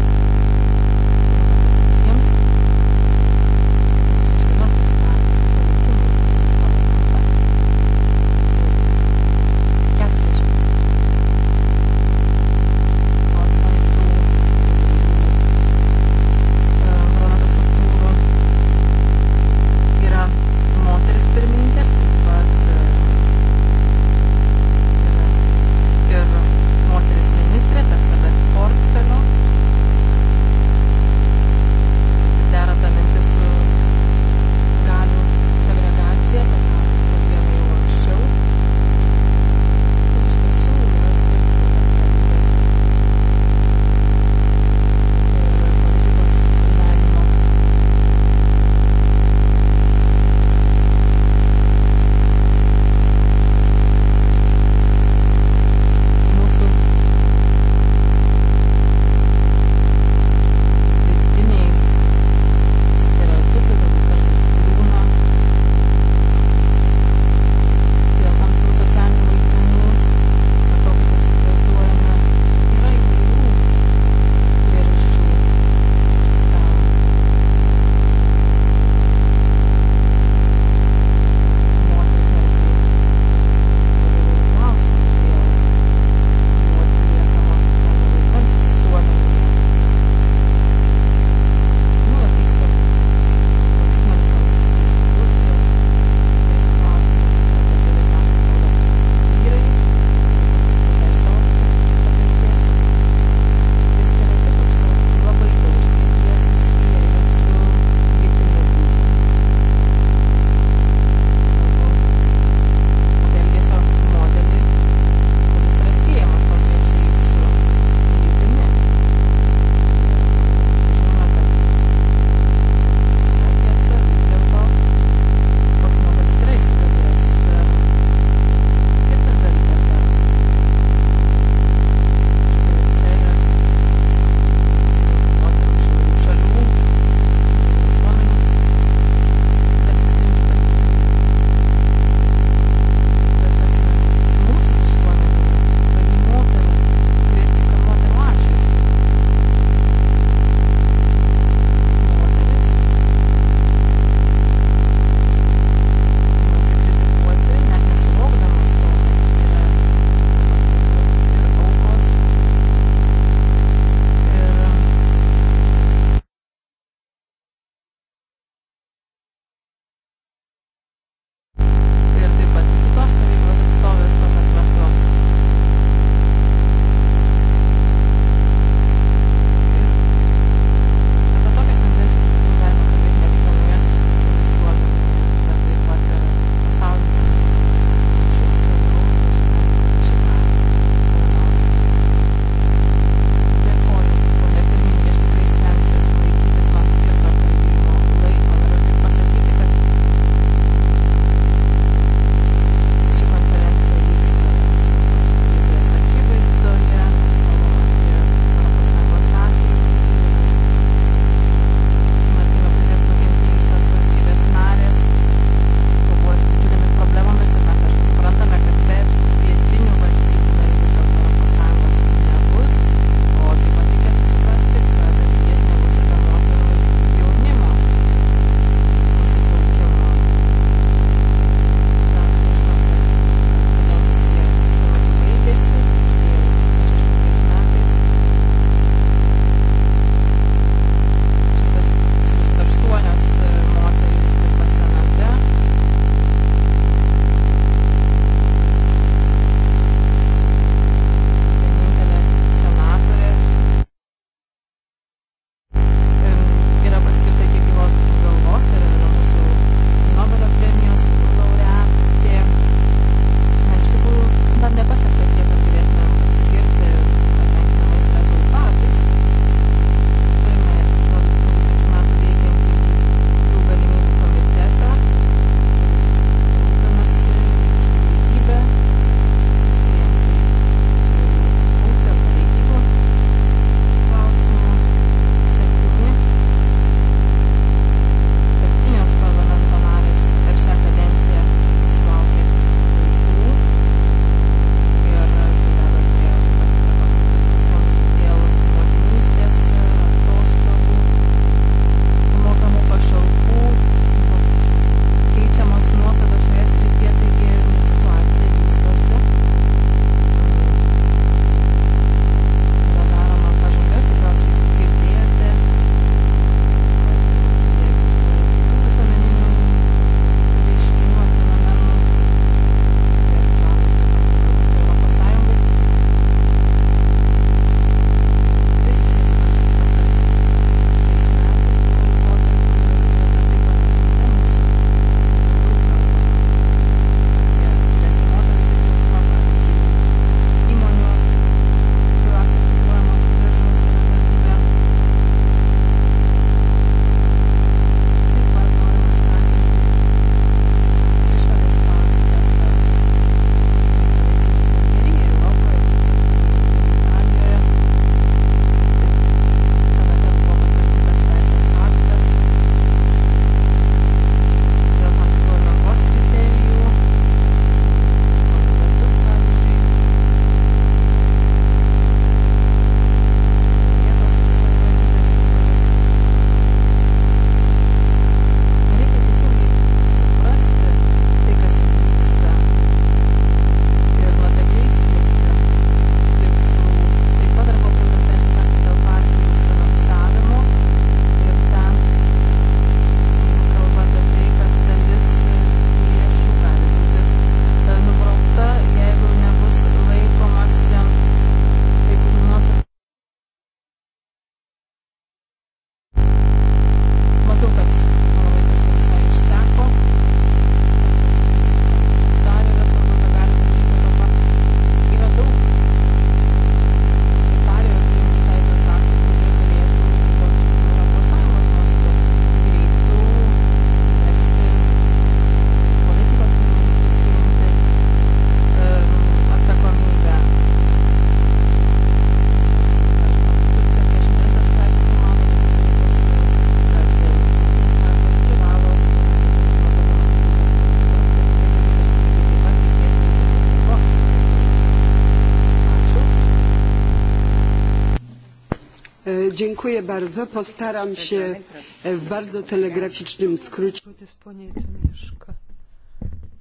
Dziękuję bardzo. Postaram się w bardzo telegraficznym skrócie.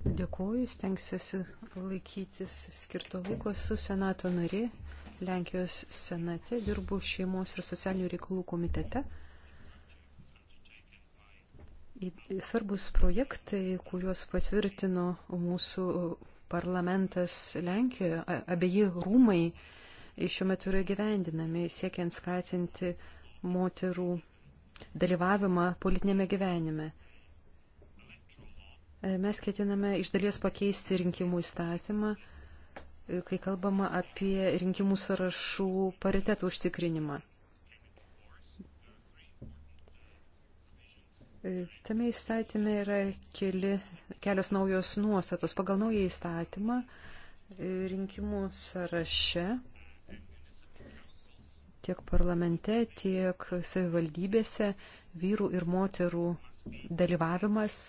Dėkuoju, stengsiuosi laikytis skirto laiko. Esu senato narė, Lenkijos senate, dirbu šeimos ir socialinių reikalų komitete. Svarbus projektai, kuriuos patvirtino mūsų parlamentas Lenkijoje, abieji rūmai šiuo metu yra gyvendinami, siekiant skatinti moterų dalyvavimą politinėme gyvenime. E, mes ketiname iš dalies pakeisti rinkimų įstatymą, e, kai kalbama apie rinkimų sąrašų paritetų užtikrinimą. E, tame įstatyme yra keli, kelios naujos nuostatos. Pagal naują įstatymą rinkimų sąraše tiek parlamente, tiek savivaldybėse vyrų ir moterų dalyvavimas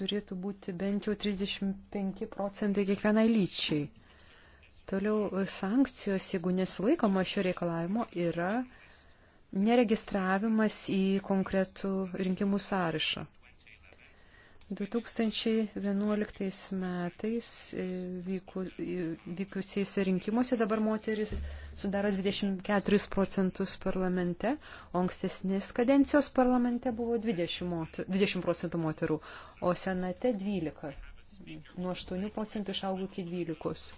turėtų būti bent jau 35 procentai kiekvienai lyčiai. Toliau e, sankcijos, jeigu nesilaikoma šio reikalavimo, yra neregistravimas į konkretų rinkimų sąrašą. 2011 metais e, vyku, e, vykusiais rinkimuose dabar moteris sudaro 24 procentus parlamente, o ankstesnės kadencijos parlamente buvo 20, moter, 20 procentų moterų, o senate 12. Nuo 8 procentų išaugo iki 12.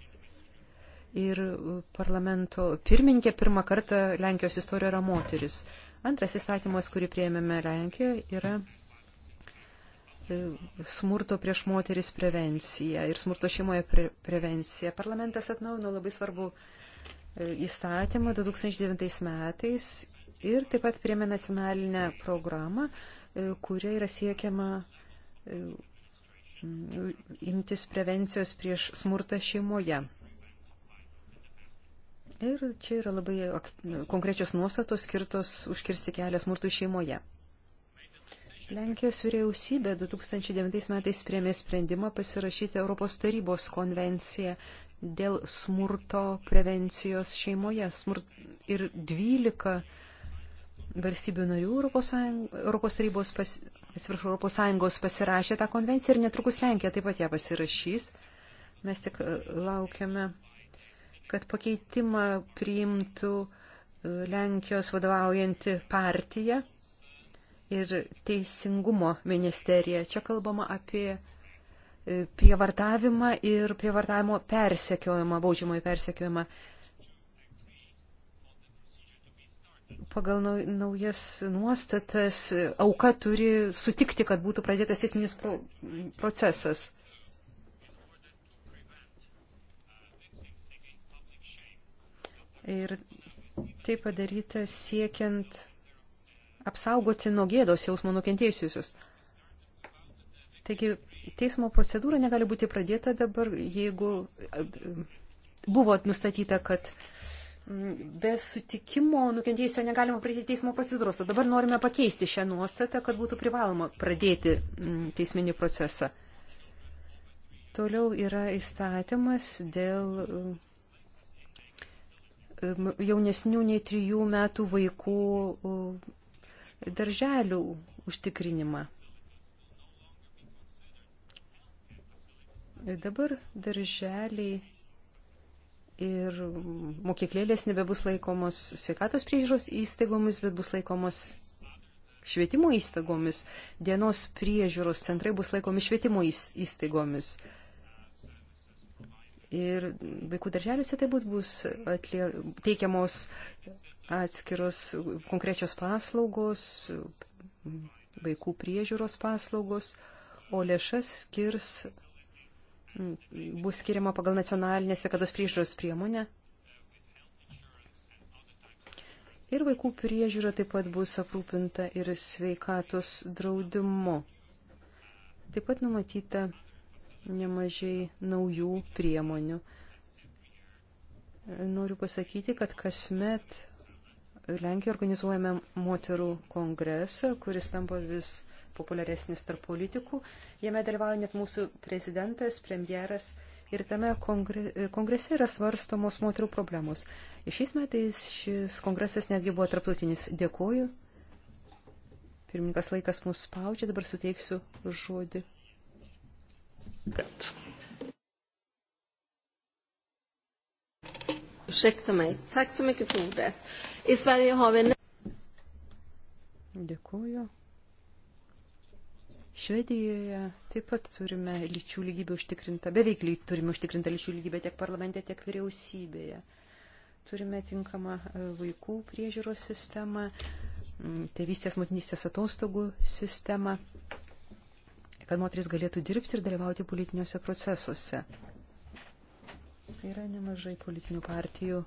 Ir e, parlamento pirmininkė pirmą kartą Lenkijos istorijoje yra moteris. Antras įstatymas, kurį prieėmėme Lenkijoje, yra E, smurto prieš moteris prevencija ir smurto šeimoje pre prevencija. Parlamentas atnaujino labai svarbu e, įstatymą 2009 metais ir taip pat priemė nacionalinę programą, e, kuria yra siekiama imtis prevencijos prieš smurtą šeimoje. Ir čia yra labai konkrečios nuostatos skirtos užkirsti kelią smurtui šeimoje. Lenkijos vyriausybė 2009 metais priemė sprendimą pasirašyti Europos tarybos konvenciją dėl smurto prevencijos šeimoje. Smurt... Ir 12 valstybių narių Europos, Sąjung... Europos, tarybos pas... Atsiprašau, Europos Sąjungos pasirašė tą konvenciją ir netrukus Lenkija taip pat ją pasirašys. Mes tik e, laukiame, kad pakeitimą priimtų e, Lenkijos vadovaujanti partija ir teisingumo ministerija. Čia kalbama apie e, prievartavimą ir prievartavimo persekiojimą, baudžiamąjį persekiojimą. Pagal naujas nuostatas e, auka turi sutikti, kad būtų pradėtas teisminis procesas. Ir tai padaryta siekiant apsaugoti nuo gėdos jausmo nukentėjusius. Taigi teismo procedūra negali būti pradėta dabar, jeigu e, buvo nustatyta, kad mm, be sutikimo nukentėjusio negalima pradėti teismo procedūros. O dabar norime pakeisti šią nuostatą, kad būtų privaloma pradėti mm, teisminį procesą. Toliau yra įstatymas dėl e, jaunesnių nei trijų metų vaikų e, darželių užtikrinimą. Dabar darželiai ir mokyklėlės nebebus laikomos sveikatos priežiūros įstaigomis, bet bus laikomos švietimo įstaigomis, dienos priežiūros centrai bus laikomi švietimo įstaigomis. Ir vaikų darželiuose taip pat bus atlie, teikiamos atskiros konkrečios paslaugos, vaikų priežiūros paslaugos, o lėšas skirs, bus skiriama pagal nacionalinę sveikatos priežiūros priemonę. Ir vaikų priežiūra taip pat bus aprūpinta ir sveikatos draudimu. Taip pat numatyta nemažai naujų priemonių. Noriu pasakyti, kad kasmet Lenkijoje organizuojame moterų kongresą, kuris tampa vis populiaresnis tarp politikų. Jame dalyvauja net mūsų prezidentas, premjeras ir tame kongre, kongrese yra svarstamos moterų problemos. Ir šiais metais šis kongresas netgi buvo tarptautinis. Dėkuoju. Pirmininkas laikas mūsų spaudžia, dabar suteiksiu žodį. Kad. Ursäkta mig. Tack så mycket för ordet. I Sverige har vi en... Dėkuoju. Švedijoje taip pat turime lyčių lygybę užtikrintą, beveik turime užtikrintą lyčių lygybę tiek parlamente, tiek vyriausybėje. Turime tinkamą e, vaikų priežiūros sistemą, tėvystės motinystės atostogų sistemą, kad moteris galėtų dirbti ir dalyvauti politiniuose procesuose. Yra nemažai politinių partijų,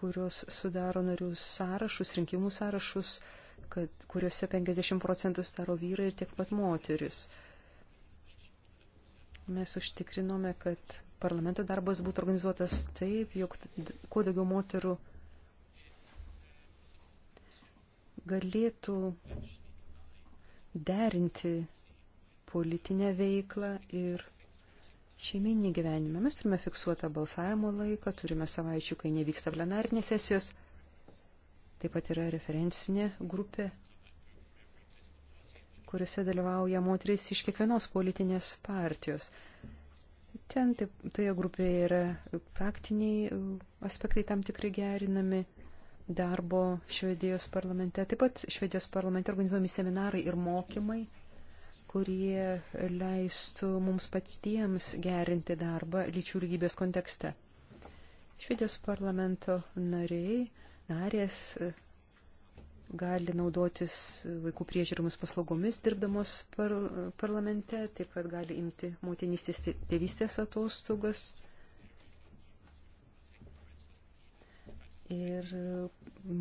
kurios sudaro narių sąrašus, rinkimų sąrašus, kad, kuriuose 50 procentų sudaro vyrai ir tiek pat moteris. Mes užtikrinome, kad parlamento darbas būtų organizuotas taip, jog kuo daugiau moterų galėtų derinti politinę veiklą ir šeiminį gyvenimą. Mes turime fiksuotą balsavimo laiką, turime savaičių, kai nevyksta plenarinės sesijos. Taip pat yra referencinė grupė, kuriuose dalyvauja moteris iš kiekvienos politinės partijos. Ten taip, toje grupėje yra praktiniai e, aspektai tam tikrai gerinami darbo Švedijos parlamente. Taip pat Švedijos parlamente organizuojami seminarai ir mokymai kurie leistų mums patiems gerinti darbą lyčių lygybės kontekste. Švedijos parlamento nariai, narės e, gali naudotis vaikų priežiūromis paslaugomis dirbdamos par parlamente, taip pat gali imti motinystės tėvystės atostogas. ir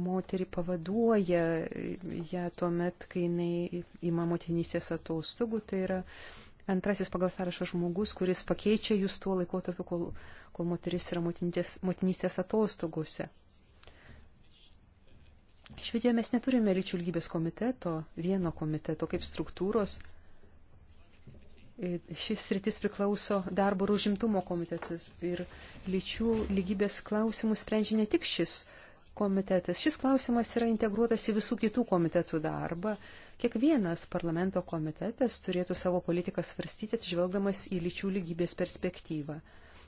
moterį pavaduoja ją ja, tuo met, kai jinai ima motinysės atostogų. Tai yra antrasis pagal sąrašą žmogus, kuris pakeičia jūs tuo laikotarpiu, kol, kol moteris yra motinystės, motinystės atostogose. Švedijoje mes neturime lyčių lygybės komiteto, vieno komiteto kaip struktūros, E, šis sritis priklauso darbo ir užimtumo komitetas ir lyčių lygybės klausimus sprendžia ne tik šis komitetas. Šis klausimas yra integruotas į visų kitų komitetų darbą. Kiekvienas parlamento komitetas turėtų savo politiką svarstyti atžvelgdamas į lyčių lygybės perspektyvą.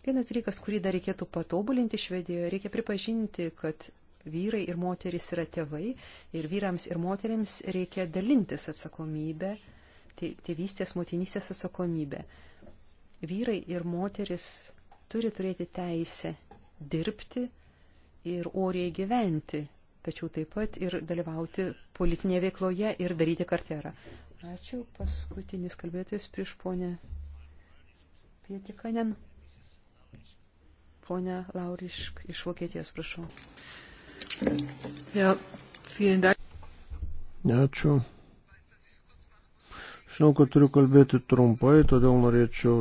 Vienas dalykas, kurį dar reikėtų patobulinti Švedijoje, reikia pripažinti, kad vyrai ir moteris yra tėvai ir vyrams ir moteriams reikia dalintis atsakomybę tėvystės, motinystės atsakomybę. Vyrai ir moteris turi turėti teisę dirbti ir oriai gyventi, tačiau taip pat ir dalyvauti politinėje veikloje ir daryti karjerą. Ačiū. Paskutinis kalbėtojas prieš ponę Pietikanen. Pone Laurišk iš Vokietijos, prašau. Ja, Ačiū. Žinau, kad turiu kalbėti trumpai, todėl norėčiau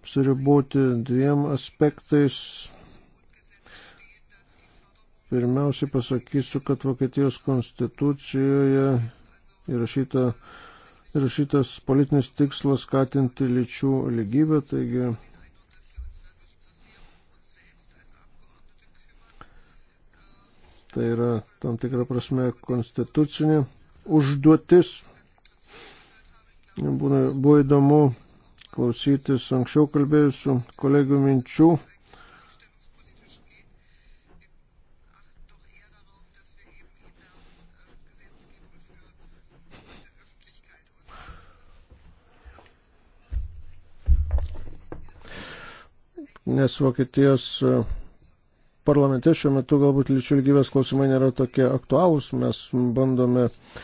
apsiriboti dviem aspektais. Pirmiausiai pasakysiu, kad Vokietijos konstitucijoje įrašyta, įrašytas politinis tikslas skatinti lyčių lygybę, taigi tai yra tam tikra prasme konstitucinė užduotis Būna, buvo įdomu klausytis anksčiau kalbėjusių kolegų minčių. Nes Vokietijos e, parlamente šiuo metu galbūt lyčių lygybės klausimai nėra tokie aktualūs, mes bandome uh,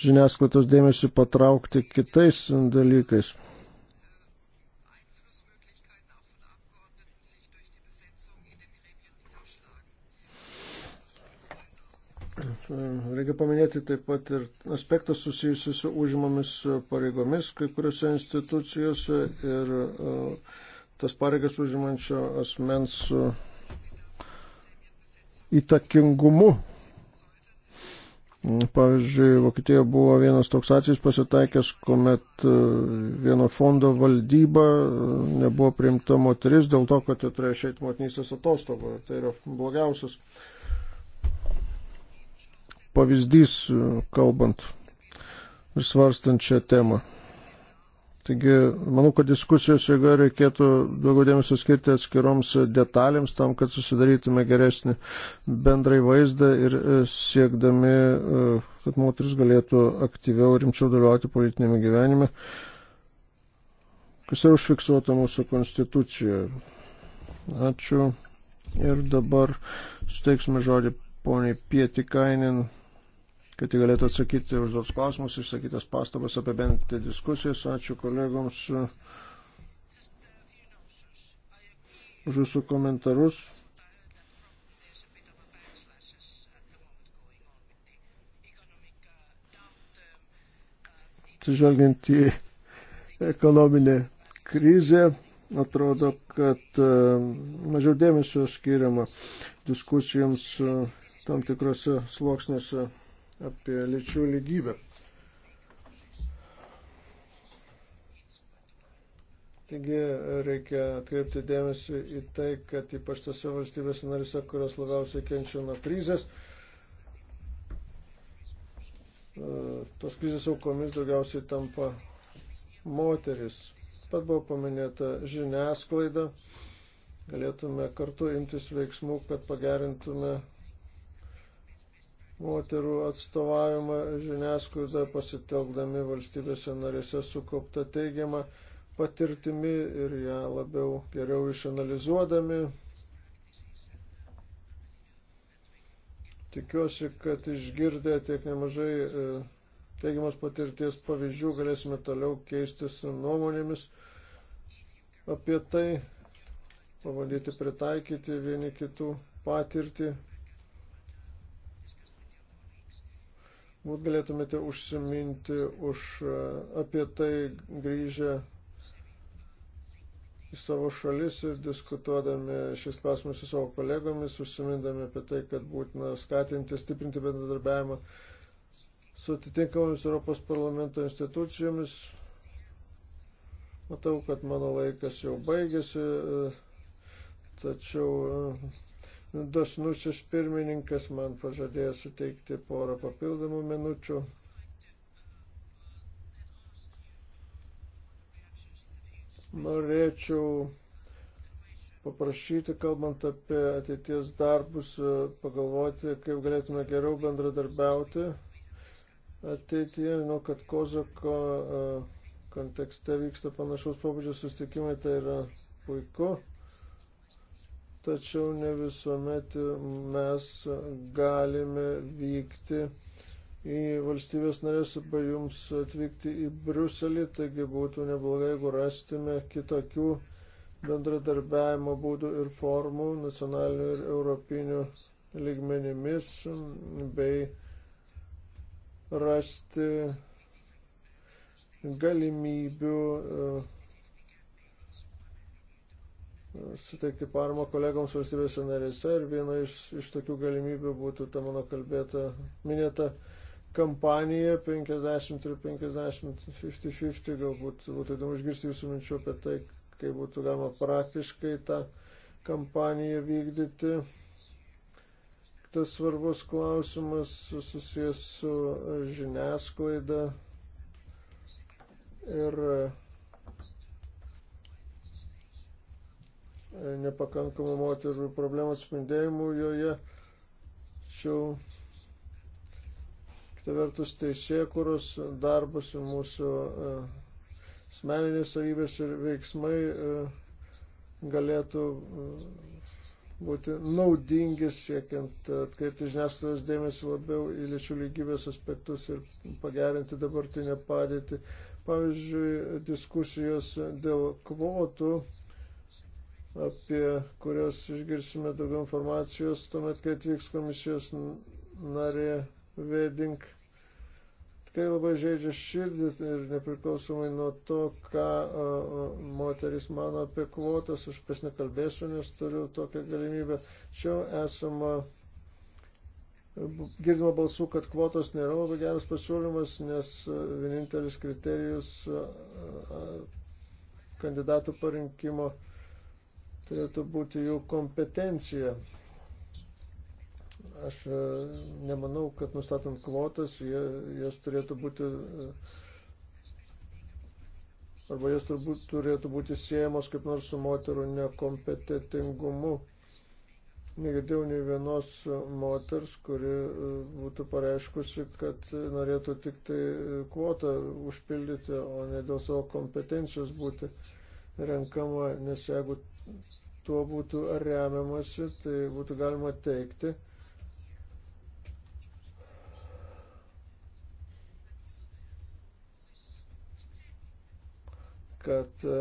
žiniasklaidos dėmesį patraukti kitais dalykais. Reikia paminėti taip pat ir aspektas susijusius su užimamis pareigomis kai kuriuose institucijose ir uh, tas pareigas užimančio asmens uh, įtakingumu Mm, pavyzdžiui, Vokietijoje buvo vienas toks atvejis pasitaikęs, kuomet e, vieno fondo valdyba e, nebuvo priimta moteris dėl to, kad jie turėjo išeiti motinystės atostogų. Tai yra blogiausias pavyzdys, e, kalbant ir svarstant šią temą. Taigi, manau, kad diskusijos jėga reikėtų daugiau dėmesio skirti atskiroms detalėms tam, kad susidarytume geresnį bendrai vaizdą ir e, siekdami, e, kad moteris galėtų aktyviau ir rimčiau dalyvauti politinėme gyvenime, kas yra užfiksuota mūsų konstitucijoje. Ačiū. Ir dabar suteiksime žodį poniai Pietikainin kad jie galėtų atsakyti užduotus klausimus, išsakytas pastabas apie bent diskusijas. Ačiū kolegoms uh, už jūsų komentarus. Atsižvelgiant į ekonominę krizę, atrodo, kad uh, mažiau dėmesio skiriama diskusijoms uh, tam tikrose sluoksniuose apie lyčių lygybę. Taigi reikia atkreipti dėmesį į tai, kad ypač tose valstybės narise, kurios labiausiai kenčia nuo krizės, e, tos krizės aukomis daugiausiai tampa moteris. Pat buvo paminėta žiniasklaida. Galėtume kartu imtis veiksmų, kad pagerintume moterų atstovavimą žiniasklaidoje pasitelkdami valstybėse narėse sukauptą teigiamą patirtimi ir ją labiau geriau išanalizuodami. Tikiuosi, kad išgirdę tiek nemažai e, teigiamos patirties pavyzdžių galėsime toliau keistis nuomonėmis apie tai, pabandyti pritaikyti vieni kitų patirtį Būt galėtumėte užsiminti už, apie tai grįžę į savo šalis ir diskutuodami šis klausimas su savo kolegomis, užsimindami apie tai, kad būtina skatinti, stiprinti bendradarbiavimą su atitinkamomis Europos parlamento institucijomis. Matau, kad mano laikas jau baigėsi, tačiau dosnusis pirmininkas man pažadėjo suteikti porą papildomų minučių. Norėčiau paprašyti, kalbant apie ateities darbus, pagalvoti, kaip galėtume geriau bendradarbiauti ateityje. Žinau, kad Kozako e, kontekste vyksta panašaus pobūdžio sustikimai, tai yra puiku tačiau ne visuomet mes galime vykti į valstybės narės arba jums atvykti į Bruselį, taigi būtų neblogai, jeigu rastume kitokių bendradarbiavimo būdų ir formų nacionalinių ir europinių lygmenimis bei rasti galimybių uh, suteikti paramą kolegoms valstybėse narėse ir viena iš, iš tokių galimybių būtų ta mano kalbėta, minėta kampanija 50 ir 50, 50-50, galbūt būtų įdomu išgirsti jūsų minčių apie tai, kaip būtų galima praktiškai tą kampaniją vykdyti. Tas svarbus klausimas susijęs su žiniasklaida ir nepakankamų moterų problemų atspindėjimų joje. Tačiau kita vertus teisėkuros darbas ir mūsų e, asmeninės savybės ir veiksmai e, galėtų e, būti naudingi siekiant atkreipti žiniasklaidos dėmesį labiau į lyčių lygybės aspektus ir pagerinti dabartinę padėtį. Pavyzdžiui, diskusijos dėl kvotų apie kurias išgirsime daugiau informacijos, tuomet, kai atvyks komisijos narė Veding. Tikrai labai žaidžia širdį ir nepriklausomai nuo to, ką a, a, moteris mano apie kvotas, aš pas nekalbėsiu, nes turiu tokią galimybę. Čia esama girdima balsų, kad kvotos nėra labai geras pasiūlymas, nes vienintelis kriterijus kandidatų parinkimo turėtų būti jų kompetencija. Aš e, nemanau, kad nustatant kvotas, jie, jas turėtų būti e, arba jas turbūt turėtų būti siejamos kaip nors su moterų nekompetitingumu. Negirdėjau nei vienos moters, kuri e, būtų pareiškusi, kad norėtų tik tai kvotą užpildyti, o ne dėl savo kompetencijos būti renkama, nes jeigu tuo būtų remiamasi, tai būtų galima teikti, kad e,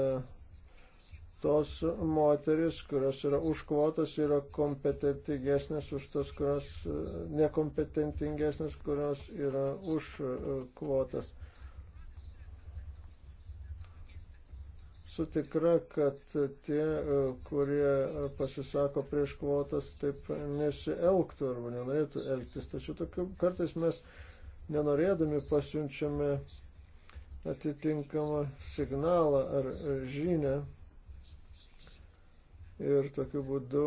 tos moteris, kurios yra už kvotas, yra kompetentingesnės už tas, kurios e, nekompetentingesnės, kurios yra už e, kvotas. esu tikra, kad tie, e, kurie pasisako prieš kvotas, taip nesielgtų arba nenorėtų elgtis. Tačiau tokiu kartais mes nenorėdami pasiunčiame atitinkamą signalą ar žinę ir tokiu būdu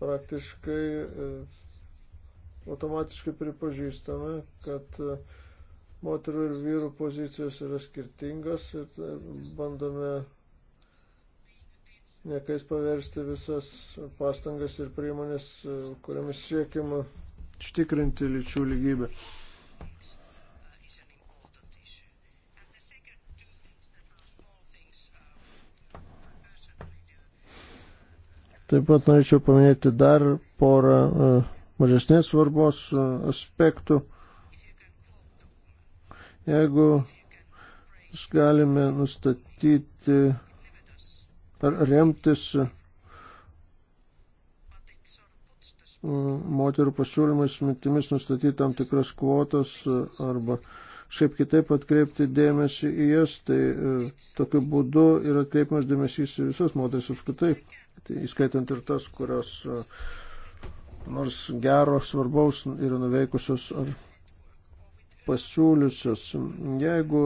praktiškai e, automatiškai pripažįstame, kad uh, moterų ir vyrų pozicijos yra skirtingos ir e, bandome niekais paversti visas pastangas ir priemonės, e, kuriamis siekiama ištikrinti lyčių lygybę. Taip pat norėčiau paminėti dar porą e, mažesnės svarbos aspektų. Jeigu mes galime nustatyti ar remtis mm, moterų pasiūlymais, mintimis nustatyti tam tikras kvotas arba šiaip kitaip atkreipti dėmesį į jas, tai e, tokiu būdu yra atkreipimas dėmesys į visas moteris apskritai, tai įskaitant ir tas, kurios e, nors gero, svarbaus yra nuveikusios ar pasiūliusios. Jeigu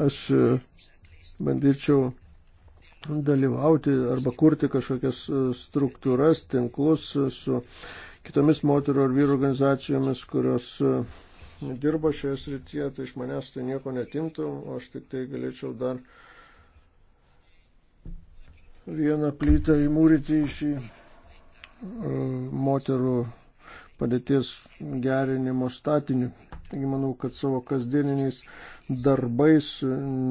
aš bandyčiau dalyvauti arba kurti kažkokias struktūras, tinklus su kitomis moterų ar vyrų organizacijomis, kurios dirba šioje srityje, tai iš manęs tai nieko netimtų, aš tik tai galėčiau dar uh, vieną plytą įmūryti į šį e, moterų padėties gerinimo statinį. Taigi manau, kad savo kasdieniniais darbais,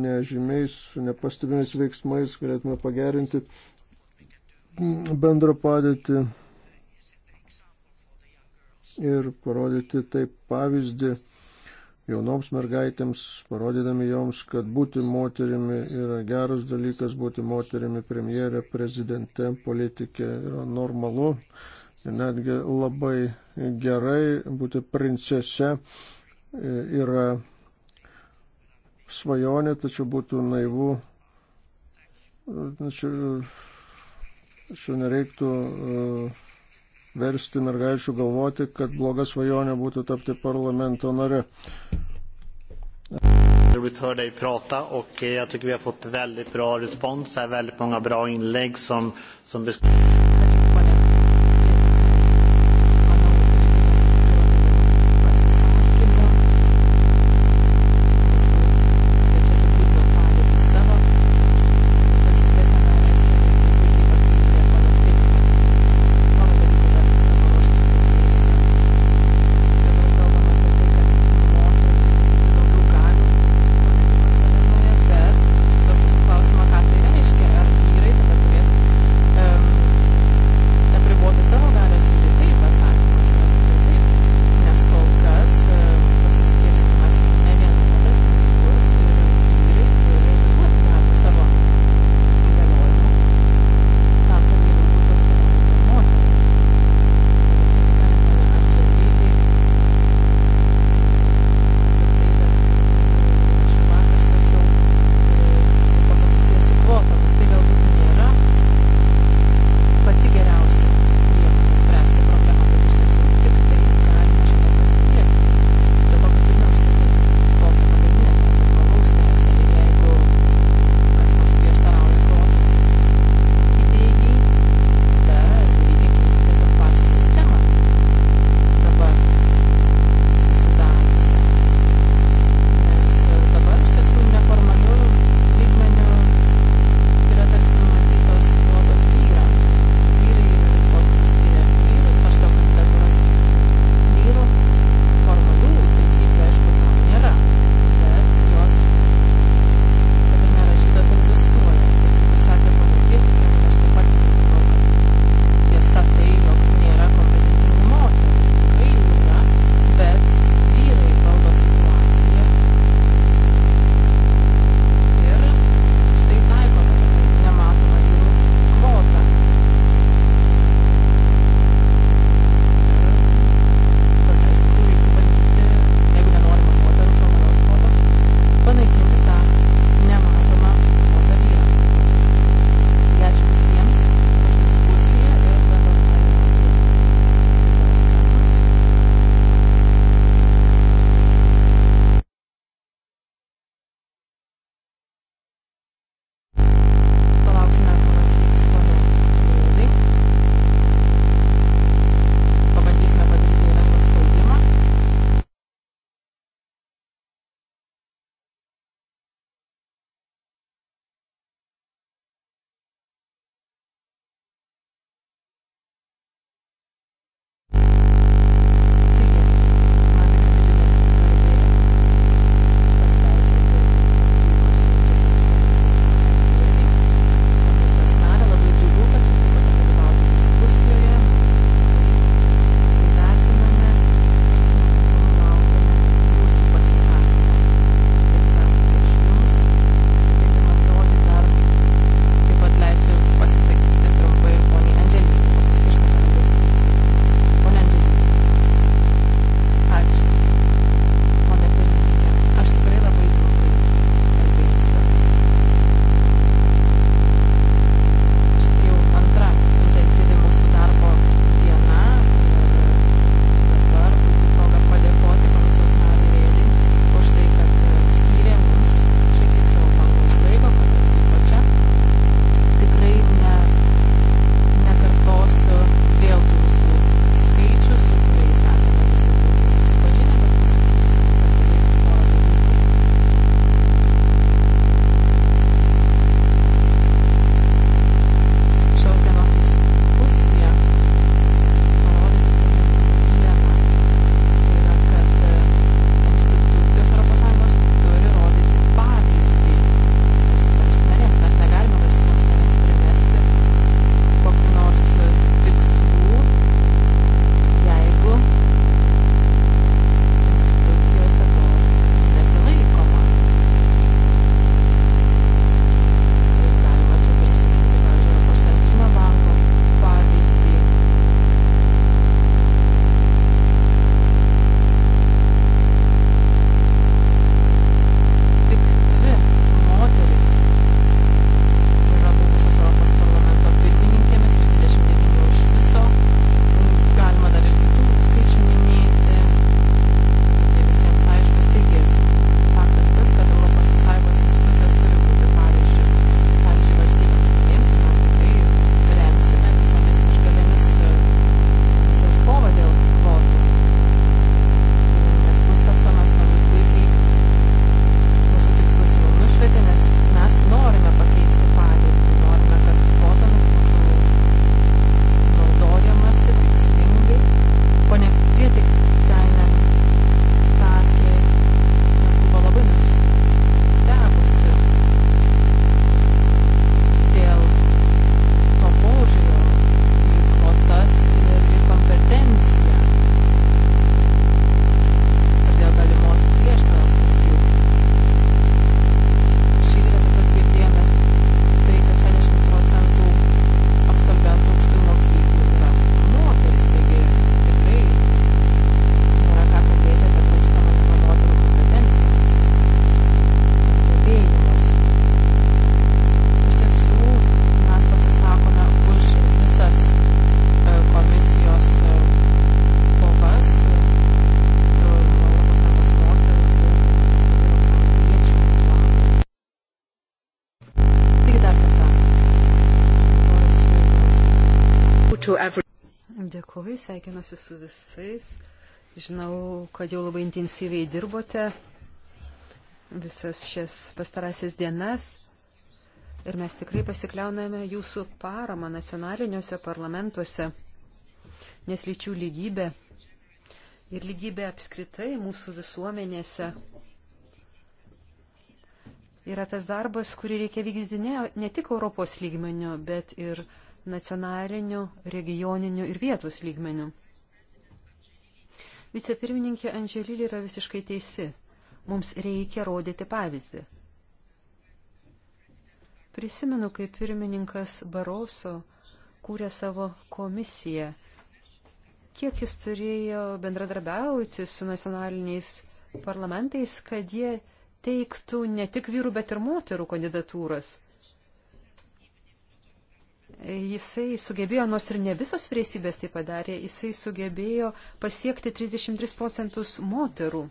nežymiais, nepastebimais veiksmais galėtume pagerinti bendrą padėtį ir parodyti taip pavyzdį jaunoms mergaitėms, parodydami joms, kad būti moterimi yra geras dalykas, būti moterimi premjerė, prezidente, politikė yra normalu ir netgi labai gerai būti princese e, yra svajonė, tačiau būtų naivu, e, tačiau, e, tačiau nereiktų uh, versti mergaičių galvoti, kad bloga svajonė būtų tapti parlamento nare. Roligt hör dig prata och eh, jag tycker vi har fått väldigt bra respons här, väldigt många bra inlägg som, som beskriver Dėkuoju, sveikinuosi su visais. Žinau, kad jau labai intensyviai dirbote visas šias pastarasias dienas. Ir mes tikrai pasikliauname jūsų paramą nacionaliniuose parlamentuose, nes lyčių lygybė ir lygybė apskritai mūsų visuomenėse yra tas darbas, kurį reikia vykdyti ne, ne tik Europos lygmeniu, bet ir nacionaliniu, regioniniu ir vietos lygmeniu. Vicepirmininkė Andželylė yra visiškai teisi. Mums reikia rodyti pavyzdį. Prisimenu, kaip pirmininkas Baroso kūrė savo komisiją. Kiek jis turėjo bendradarbiauti su nacionaliniais parlamentais, kad jie teiktų ne tik vyrų, bet ir moterų kandidatūras. Jisai sugebėjo, nors ir ne visos vyriausybės tai padarė, jisai sugebėjo pasiekti 33 procentus moterų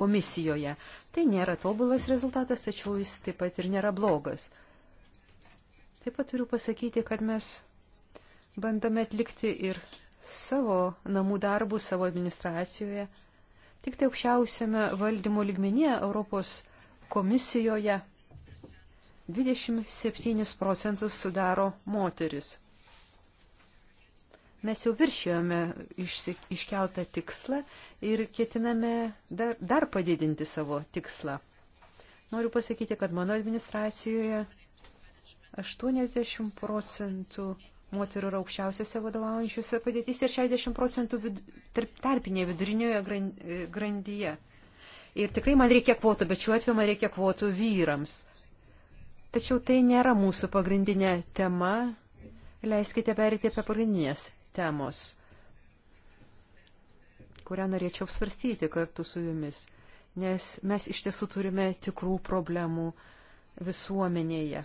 komisijoje. Tai nėra tobulas rezultatas, tačiau jis taip pat ir nėra blogas. Taip pat turiu pasakyti, kad mes bandome atlikti ir savo namų darbų savo administracijoje. Tik tai aukščiausiame valdymo ligmenyje Europos komisijoje 27 procentus sudaro moteris. Mes jau viršėjome iškeltą tikslą ir ketiname dar, dar padidinti savo tikslą. Noriu pasakyti, kad mano administracijoje 80 procentų moterų yra aukščiausiose vadovaujančiose padėtys ir 60 procentų vid, tarp, tarpinėje vidurinioje grandyje. Ir tikrai man reikia kvotų, bet šiuo atveju man reikia kvotų vyrams. Tačiau tai nėra mūsų pagrindinė tema. Leiskite perėti apie pagrindinės temos, kurią norėčiau apsvarstyti kartu su jumis, nes mes iš tiesų turime tikrų problemų visuomenėje.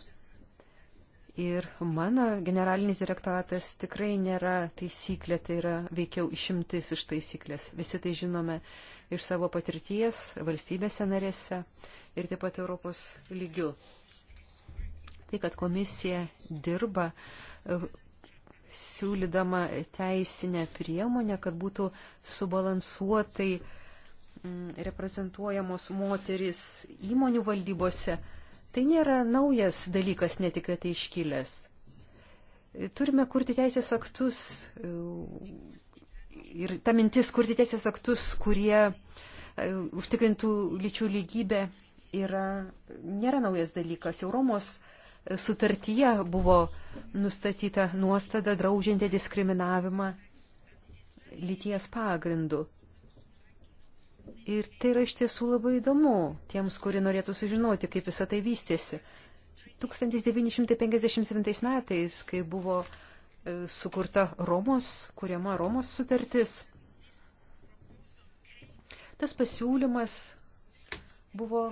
Ir mano generalinis direktoratas tikrai nėra taisyklė, tai yra veikiau išimtis iš taisyklės. Visi tai žinome iš savo patirties valstybėse narėse ir taip pat Europos lygių tai, kad komisija dirba e, siūlydama teisinę priemonę, kad būtų subalansuotai mm, reprezentuojamos moteris įmonių valdybose, tai nėra naujas dalykas, netikėtai iškilęs. Turime kurti teisės aktus e, ir ta mintis kurti teisės aktus, kurie e, užtikrintų lyčių lygybę, yra, nėra naujas dalykas. Jau Romos sutartyje buvo nustatyta nuostada draudžianti diskriminavimą lyties pagrindu. Ir tai yra iš tiesų labai įdomu tiems, kurie norėtų sužinoti, kaip visą tai vystėsi. 1957 metais, kai buvo e, sukurta Romos, kuriama Romos sutartis, tas pasiūlymas buvo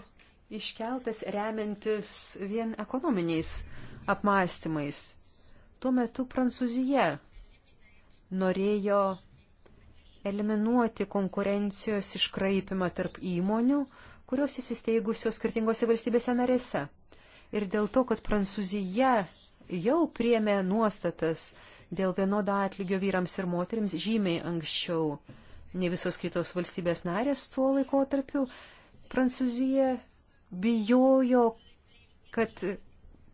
iškeltas remiantis vien ekonominiais apmąstymais. Tuo metu Prancūzija norėjo eliminuoti konkurencijos iškraipimą tarp įmonių, kurios įsisteigusios skirtingose valstybėse narėse. Ir dėl to, kad Prancūzija jau priemė nuostatas dėl vienodo atlygio vyrams ir moteriams žymiai anksčiau nei visos kitos valstybės narės tuo laikotarpiu, Prancūzija bijojo, kad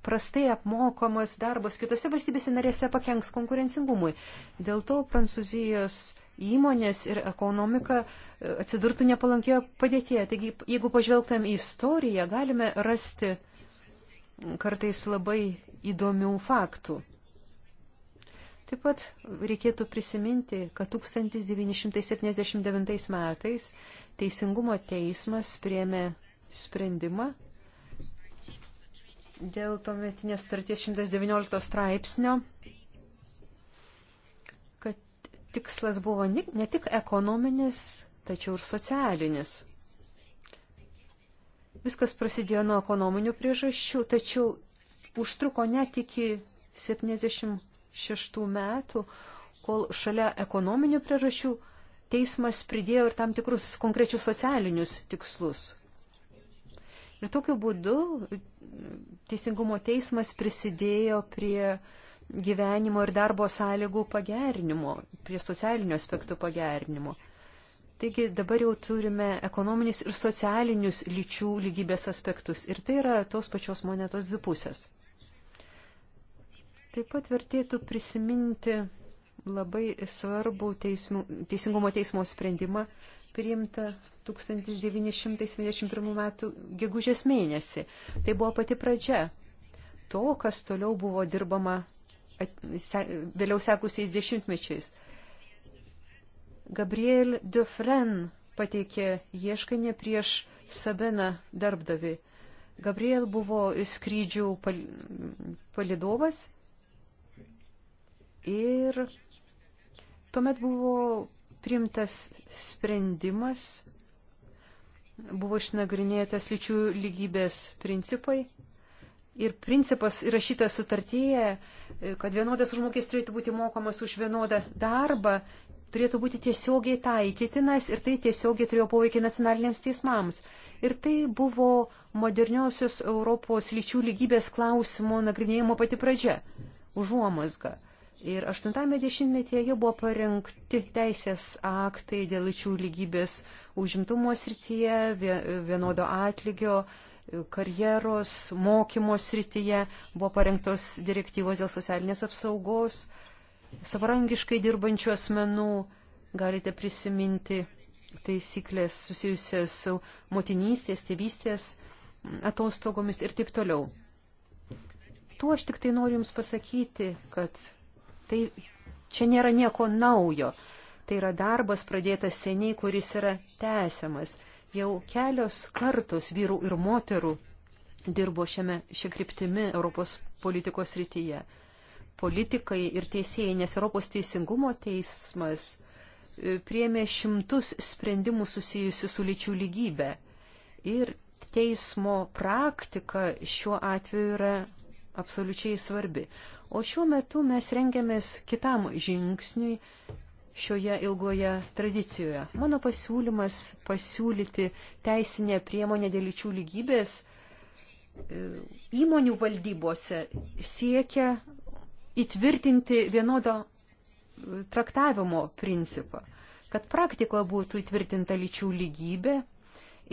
prastai apmokomas darbas kitose valstybėse narėse pakenks konkurencingumui. Dėl to Prancūzijos įmonės ir ekonomika e, atsidurtų nepalankioje padėtėje. Taigi, jeigu pažvelgtam į istoriją, galime rasti kartais labai įdomių faktų. Taip pat reikėtų prisiminti, kad 1979 metais Teisingumo teismas priemė sprendimą dėl tuometinės sutarties 119 straipsnio, kad tikslas buvo ne tik ekonominis, tačiau ir socialinis. Viskas prasidėjo nuo ekonominių priežasčių, tačiau užtruko net iki 76 metų, kol šalia ekonominių priežasčių teismas pridėjo ir tam tikrus konkrečius socialinius tikslus. Ir tokiu būdu Teisingumo teismas prisidėjo prie gyvenimo ir darbo sąlygų pagerinimo, prie socialinių aspektų pagerinimo. Taigi dabar jau turime ekonominius ir socialinius lyčių lygybės aspektus ir tai yra tos pačios monetos dvi pusės. Taip pat vertėtų prisiminti labai svarbų teismų, teisingumo teismo sprendimą priimtą 1971 m. gegužės mėnesį. Tai buvo pati pradžia to, kas toliau buvo dirbama at, se, vėliau sekusiais dešimtmečiais. Gabriel Dufren pateikė ieškinį prieš Sabiną darbdavi. Gabriel buvo skrydžių pal, palidovas ir tuomet buvo priimtas sprendimas buvo išnagrinėtas lyčių lygybės principai. Ir principas įrašytas sutartyje, kad vienodas užmokės turėtų būti mokamas už vienodą darbą, turėtų būti tiesiogiai taikytinas ir tai tiesiogiai turėjo poveikį nacionaliniams teismams. Ir tai buvo moderniosios Europos lyčių lygybės klausimo nagrinėjimo pati pradžia, užuomasga. Ir 80-metyje jau buvo parengti teisės aktai dėl lyčių lygybės užimtumo srityje, vienodo atlygio, karjeros, mokymo srityje, buvo parengtos direktyvos dėl socialinės apsaugos, savarankiškai dirbančių asmenų, galite prisiminti taisyklės susijusias su motinystės, tėvystės atostogomis ir taip toliau. Tuo aš tik tai noriu Jums pasakyti, kad tai čia nėra nieko naujo. Tai yra darbas pradėtas seniai, kuris yra tęsiamas. Jau kelios kartos vyrų ir moterų dirbo šiame šia kryptimi Europos politikos rytyje. Politikai ir teisėjai, nes Europos teisingumo teismas e, priemė šimtus sprendimų susijusių su lyčių lygybė. Ir teismo praktika šiuo atveju yra absoliučiai svarbi. O šiuo metu mes rengiamės kitam žingsniui šioje ilgoje tradicijoje. Mano pasiūlymas pasiūlyti teisinę priemonę dėl lyčių lygybės e, įmonių valdybose siekia įtvirtinti vienodo e, traktavimo principą, kad praktikoje būtų įtvirtinta lyčių lygybė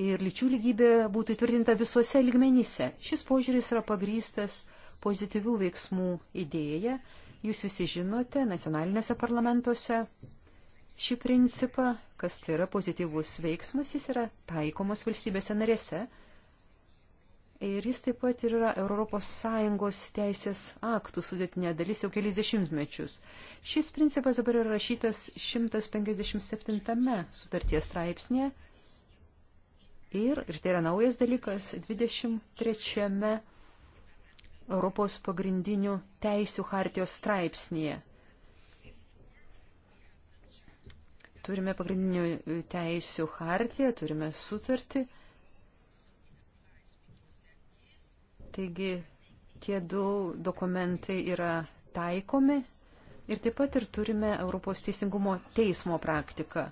ir lyčių lygybė būtų įtvirtinta visuose lygmenyse. Šis požiūris yra pagrystas pozityvių veiksmų idėja. Jūs visi žinote, nacionaliniuose parlamentuose šį principą, kas tai yra pozityvus veiksmas, jis yra taikomas valstybėse narėse. Ir jis taip pat yra ES teisės aktų sudėtinė dalis jau kelis dešimtmečius. Šis principas dabar yra rašytas 157 sutarties straipsnėje. Ir, ir tai yra naujas dalykas, 23 Europos pagrindinių teisių hartijos straipsnėje. Turime pagrindinių e, teisių hartiją, turime sutartį. Taigi tie du dokumentai yra taikomi ir taip pat ir turime Europos teisingumo teismo praktiką,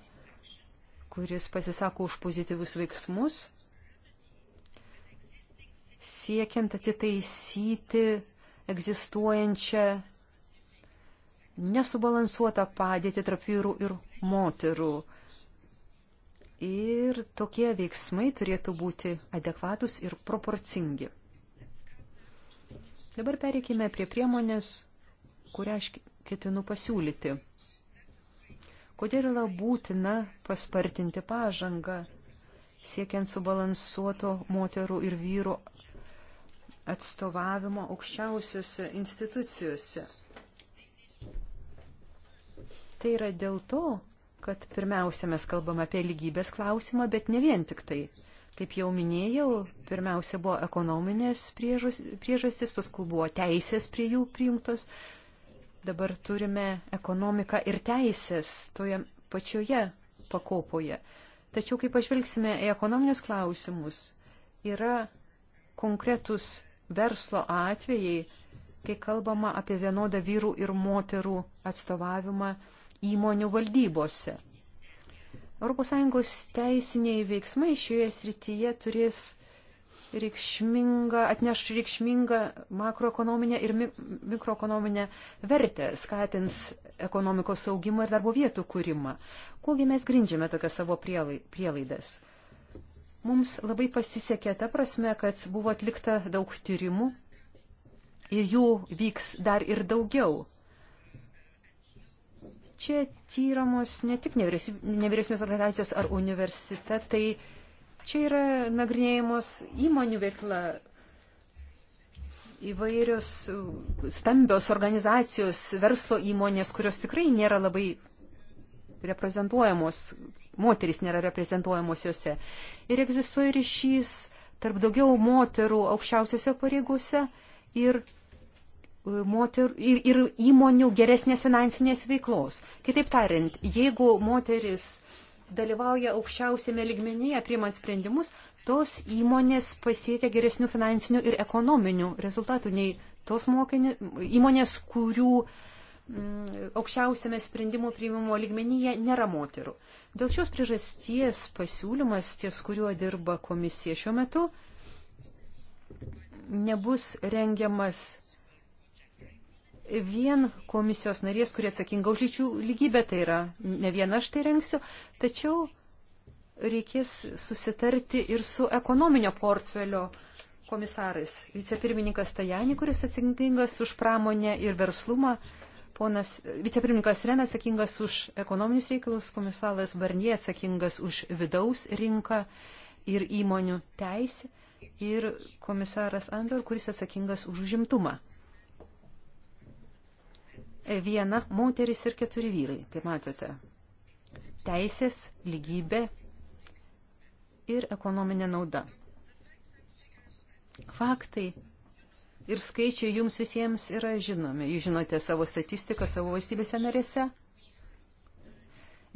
kuris pasisako už pozityvius veiksmus, siekiant atitaisyti egzistuojančią nesubalansuotą padėtį tarp vyrų ir moterų. Ir tokie veiksmai turėtų būti adekvatus ir proporcingi. Dabar pereikime prie priemonės, kurią aš ketinu pasiūlyti. Kodėl yra būtina paspartinti pažangą, siekiant subalansuoto moterų ir vyrų atstovavimo aukščiausiose institucijose? Tai yra dėl to, kad pirmiausia mes kalbam apie lygybės klausimą, bet ne vien tik tai. Kaip jau minėjau, pirmiausia buvo ekonominės priežastys, paskui buvo teisės prie jų priimtos. Dabar turime ekonomiką ir teisės toje pačioje pakopoje. Tačiau, kai pažvelgsime į ekonominius klausimus, yra konkretus verslo atvejai, kai kalbama apie vienodą vyrų ir moterų atstovavimą įmonių valdybose. ES teisiniai veiksmai šioje srityje turės reikšmingą, atneš reikšmingą makroekonominę ir mikroekonominę vertę, skatins ekonomikos augimą ir darbo vietų kūrimą. Kogi mes grindžiame tokias savo prielaidas? Mums labai pasisekė ta prasme, kad buvo atlikta daug tyrimų ir jų vyks dar ir daugiau. Čia tyramos ne tik nevyriausybės organizacijos ar universitetai, čia yra nagrinėjamos įmonių veikla, įvairios stambios organizacijos, verslo įmonės, kurios tikrai nėra labai reprezentuojamos, moteris nėra reprezentuojamos juose. Ir egzistuoja ryšys tarp daugiau moterų aukščiausiose pareigose ir moter, ir, ir įmonių geresnės finansinės veiklos. Kitaip tariant, jeigu moteris dalyvauja aukščiausiame ligmenyje priimant sprendimus, tos įmonės pasiekia geresnių finansinių ir ekonominių rezultatų nei tos mokinė, įmonės, kurių m, mm, aukščiausiame sprendimų priimimo ligmenyje nėra moterų. Dėl šios priežasties pasiūlymas, ties kuriuo dirba komisija šiuo metu, nebus rengiamas vien komisijos narės, kurie atsakinga už lyčių lygybę, tai yra ne viena aš tai renksiu, tačiau reikės susitarti ir su ekonominio portfelio komisarais. Vicepirmininkas Tajani, kuris atsakingas už pramonę ir verslumą, ponas, vicepirmininkas Ren atsakingas už ekonominius reikalus, komisaras Barnie atsakingas už vidaus rinką ir įmonių teisę ir komisaras Andor, kuris atsakingas už užimtumą viena moteris ir keturi vyrai, kaip matote. Teisės, lygybė ir ekonominė nauda. Faktai ir skaičiai jums visiems yra žinomi. Jūs žinote savo statistiką savo valstybėse narėse.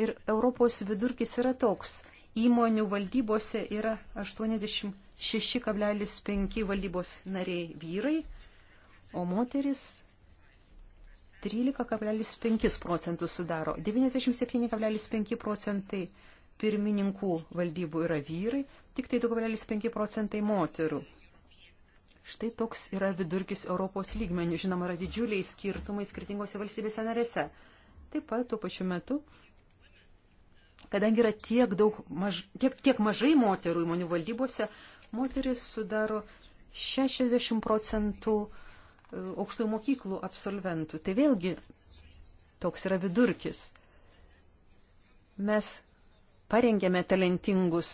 Ir Europos vidurkis yra toks. Įmonių valdybose yra 86,5 valdybos nariai vyrai, o moteris 13,5 procentus sudaro. 97,5 procentai pirmininkų valdybų yra vyrai, tik tai 2,5 procentai moterų. Štai toks yra vidurkis Europos lygmenių. Žinoma, yra didžiuliai skirtumai skirtingose valstybėse narėse. Taip pat tuo pačiu metu, kadangi yra tiek, daug, maž, tiek, tiek mažai moterų įmonių valdybose, moteris sudaro 60 procentų uh, aukštųjų mokyklų absolventų. Tai vėlgi toks yra vidurkis. Mes parengėme talentingus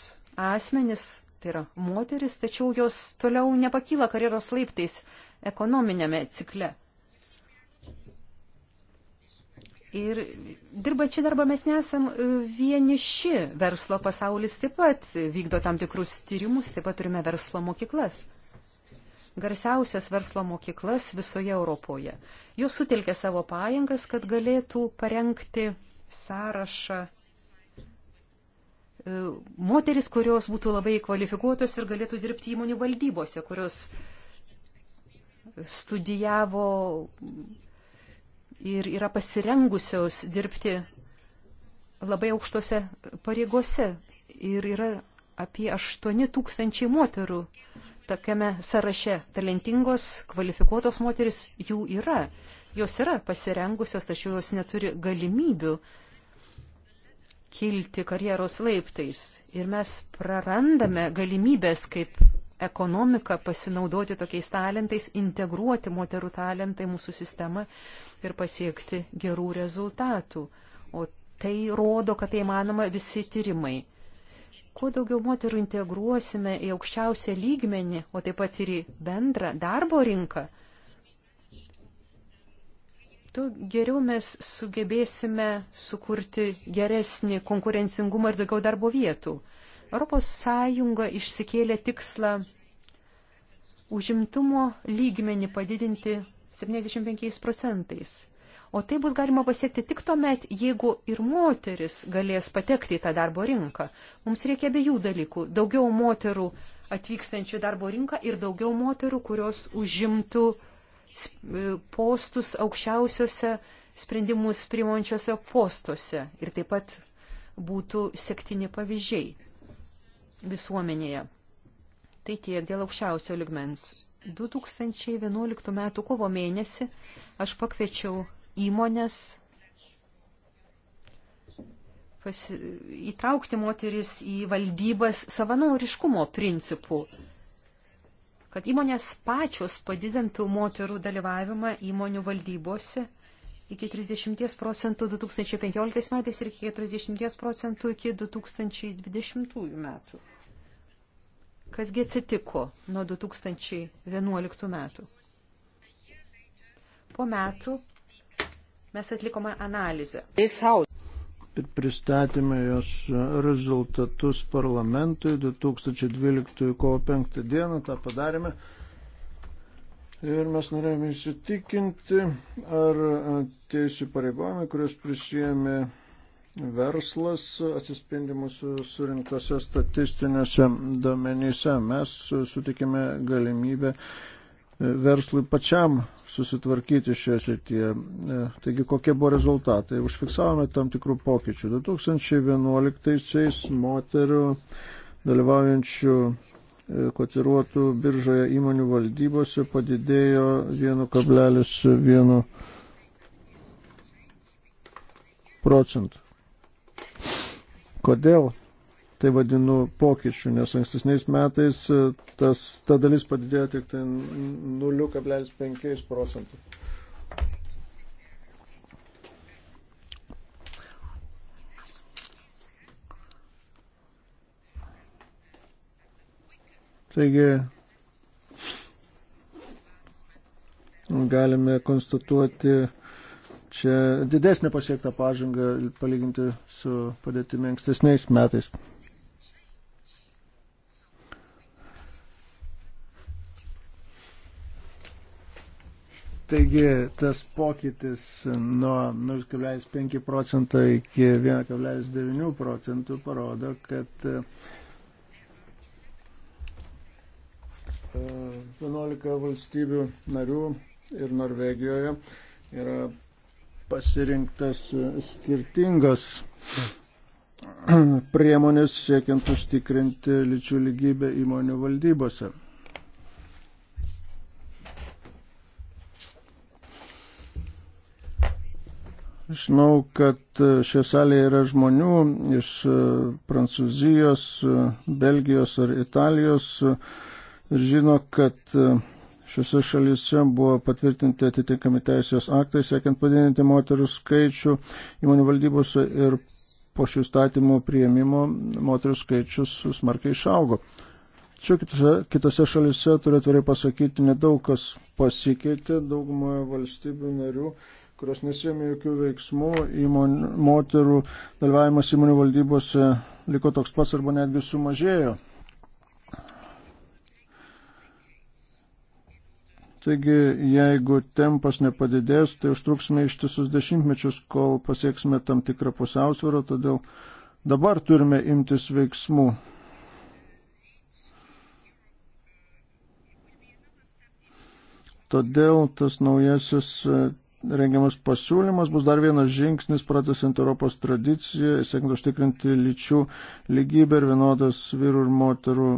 asmenis, tai yra moteris, tačiau jos toliau nepakyla karjeros laiptais ekonominėme cikle. Ir dirba čia darbą mes nesam e, vieniši. Verslo pasaulis taip pat vykdo tam tikrus tyrimus, taip pat turime verslo mokyklas garsiausias verslo mokyklas visoje Europoje. Jos sutelkė savo pajėgas, kad galėtų parengti sąrašą e, moteris, kurios būtų labai kvalifikuotos ir galėtų dirbti įmonių valdybose, kurios studijavo ir yra pasirengusios dirbti labai aukštose pareigose ir yra apie 8 tūkstančiai moterų tokiame sąraše. Talentingos, kvalifikuotos moteris jų yra. Jos yra pasirengusios, tačiau jos neturi galimybių kilti karjeros laiptais. Ir mes prarandame galimybės kaip ekonomika pasinaudoti tokiais talentais, integruoti moterų talentą į mūsų sistemą ir pasiekti gerų rezultatų. O tai rodo, kad tai manoma visi tyrimai kuo daugiau moterų integruosime į aukščiausią lygmenį, o taip pat ir į bendrą darbo rinką, tuo geriau mes sugebėsime sukurti geresnį konkurencingumą ir daugiau darbo vietų. Europos Sąjunga išsikėlė tikslą užimtumo lygmenį padidinti 75 procentais. O tai bus galima pasiekti tik tuomet, jeigu ir moteris galės patekti į tą darbo rinką. Mums reikia abiejų dalykų - daugiau moterų atvykstančių darbo rinką ir daugiau moterų, kurios užimtų e, postus aukščiausiose sprendimus primončiose postuose ir taip pat būtų sektini pavyzdžiai visuomenėje. Tai tiek dėl aukščiausio ligmens. 2011 m. kovo mėnesį aš pakviečiau įmonės pasi, įtraukti moteris į valdybas savanoriškumo principų, kad įmonės pačios padidintų moterų dalyvavimą įmonių valdybose iki 30 procentų 2015 metais ir iki 40 procentų iki 2020 metų. Kasgi atsitiko nuo 2011 metų? Po metų Mes atlikome analizę. Pristatėme jos rezultatus parlamentui 2012 kovo 5 dieną, tą padarėme. Ir mes norėjome įsitikinti, ar tie įsipareigojimai, kuriuos prisijėmė verslas, atsispindi mūsų surinktose statistinėse domenyse. Mes sutikime galimybę verslui pačiam susitvarkyti šioje srityje. E, taigi kokie buvo rezultatai? Užfiksavome tam tikrų pokyčių. 2011-aisiais moterių dalyvaujančių e, kotiruotų biržoje įmonių valdybose padidėjo 1,1 procentų. Kodėl? tai vadinu pokyčių, nes ankstesniais metais e, tas, ta dalis padidėjo tik tai 0,5 procentų. Taigi galime konstatuoti čia didesnę pasiektą pažangą palyginti su padėtimi ankstesniais metais. Taigi tas pokytis nuo 0,5 procento iki 1,9 procentų parodo, kad 11 e, valstybių narių ir Norvegijoje yra pasirinktas skirtingas priemonės siekiant užtikrinti lyčių lygybę įmonių valdybose. Žinau, kad e, šioje salėje yra žmonių iš e, Prancūzijos, e, Belgijos ar Italijos ir žino, kad šiuose šalyse buvo patvirtinti atitinkami teisės aktai, siekiant padidinti moterų skaičių įmonių valdybose ir po šių statymų prieimimo moterų skaičius smarkiai išaugo. Tačiau kitose, kitose šalyse, turiu atvirai pasakyti, nedaug kas pasikeitė daugumoje valstybių narių kurios nesėmė jokių veiksmų, įmon, moterų dalyvavimas įmonių valdybose liko toks pats arba netgi sumažėjo. Taigi, jeigu tempas nepadidės, tai užtruksime ištisus dešimtmečius, kol pasieksime tam tikrą pusiausvyrą, todėl dabar turime imtis veiksmų. Todėl tas naujasis rengiamas pasiūlymas bus dar vienas žingsnis pratesiant Europos tradiciją, siekiant užtikrinti lyčių lygybę ir vienodas vyrų ir moterų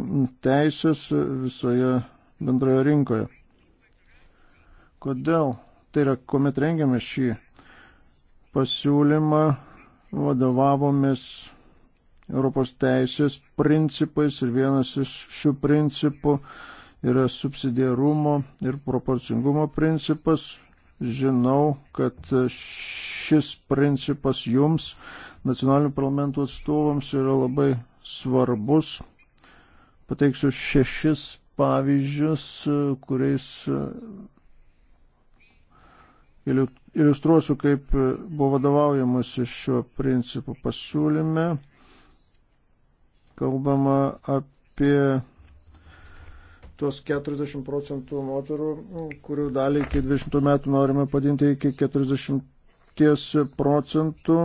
teisės visoje bendroje rinkoje. Kodėl? Tai yra, kuomet rengiame šį pasiūlymą, vadovavomės Europos teisės principais ir vienas iš šių principų yra subsidiarumo ir proporcingumo principas, Žinau, kad šis principas jums, nacionalinių parlamentų atstovams, yra labai svarbus. Pateiksiu šešis pavyzdžius, kuriais e, iliustruosiu, kaip buvo vadovaujamas šiuo principu pasiūlyme. Kalbama apie tuos 40 procentų moterų, kurių dalį iki 20 metų norime padinti iki 40 procentų.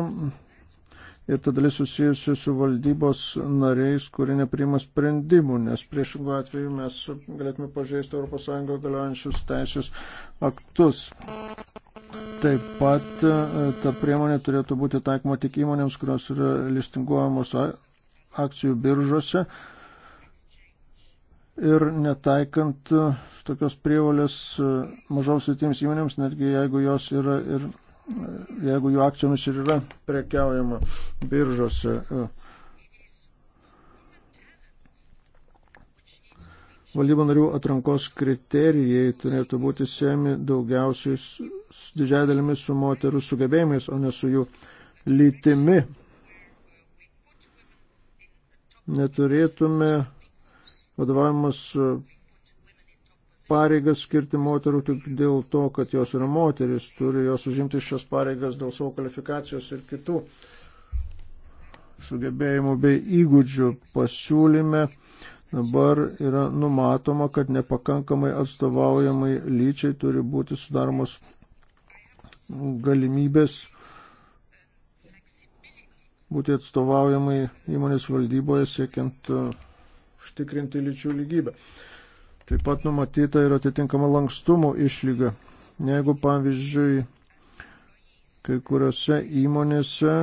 Ir ta dalis susijusi su valdybos nariais, kurie nepriima sprendimų, nes priešingų atveju mes galėtume pažeisti ES galiojančius teisės aktus. Taip pat e, ta priemonė turėtų būti taikoma tik įmonėms, kurios yra listinguojamos akcijų biržose. Uh, ir netaikant e, tokios prievalės e, mažoms vietims įmonėms, netgi jeigu jos yra ir e, jeigu jų akcijomis ir yra prekiaujama biržose. Valdybo narių atrankos kriterijai turėtų būti siemi daugiausiai didžiai dalimi su moterų sugebėjimais, o ne su jų lytimi. Neturėtume vadovavimas e, pareigas skirti moterų tik dėl to, kad jos yra moteris, turi jos užimti šios pareigas dėl savo kvalifikacijos ir kitų sugebėjimų bei įgūdžių pasiūlyme. Dabar yra numatoma, kad nepakankamai atstovaujamai lyčiai turi būti sudaromos galimybės būti atstovaujamai įmonės valdyboje siekiant e, užtikrinti lyčių lygybę. Taip pat numatyta ir atitinkama lankstumo išlyga. Jeigu, pavyzdžiui, kai kuriuose įmonėse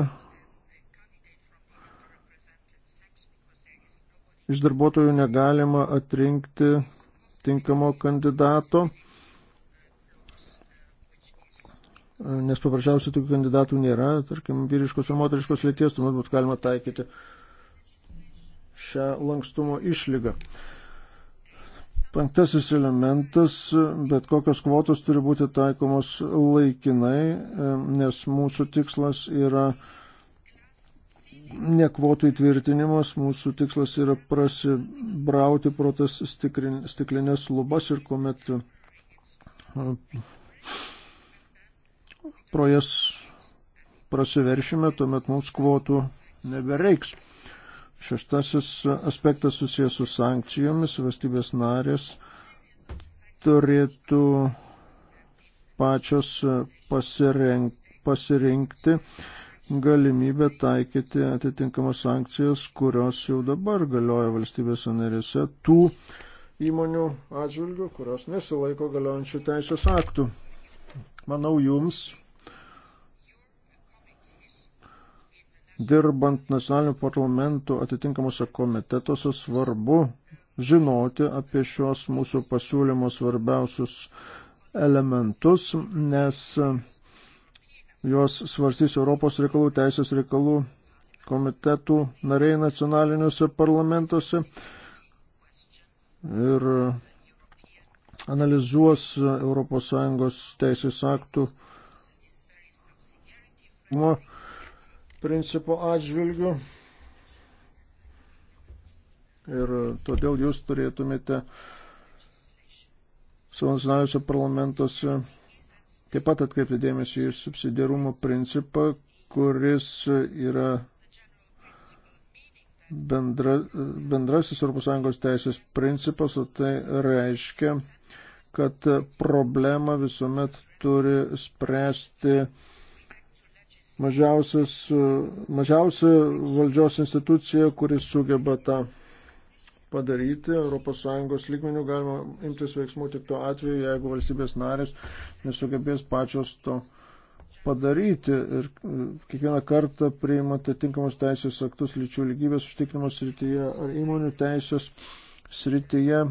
iš darbuotojų negalima atrinkti tinkamo kandidato, nes paprasčiausiai tokių kandidatų nėra, tarkim, vyriškos ir moteriškos lyties, tuomet būtų galima taikyti šią lankstumo išlygą. Penktasis elementas, bet kokios kvotos turi būti taikomos laikinai, nes mūsų tikslas yra ne kvotų įtvirtinimas, mūsų tikslas yra prasibrauti pro tas stiklinės lubas ir kuomet pro jas prasiveršime, tuomet mums kvotų nebereiks. Šeštasis aspektas susijęs su sankcijomis. Valstybės narės turėtų pačios pasirink, pasirinkti galimybę taikyti atitinkamas sankcijas, kurios jau dabar galioja valstybėse narėse tų įmonių atžvilgių, kurios nesilaiko galiojančių teisės aktų. Manau, jums dirbant nacionalinių parlamentų atitinkamuose komitetuose svarbu žinoti apie šios mūsų pasiūlymo svarbiausius elementus, nes juos svarstys Europos reikalų teisės reikalų komitetų nariai nacionaliniuose parlamentuose ir analizuos ES teisės aktų principo atžvilgių. Ir todėl jūs turėtumėte savo nacionaliniuose parlamentuose taip pat atkreipti dėmesį į subsidiarumo principą, kuris yra bendra, bendrasis ES teisės principas, o tai reiškia, kad problemą visuomet turi spręsti E, mažiausia valdžios institucija, kuris sugeba tą padaryti. ES lygmenių galima imtis veiksmų tik tuo atveju, jeigu valstybės narės nesugebės pačios to padaryti. Ir e, kiekvieną kartą priimate tinkamus teisės aktus lyčių lygybės užtikrinimo srityje ar įmonių teisės srityje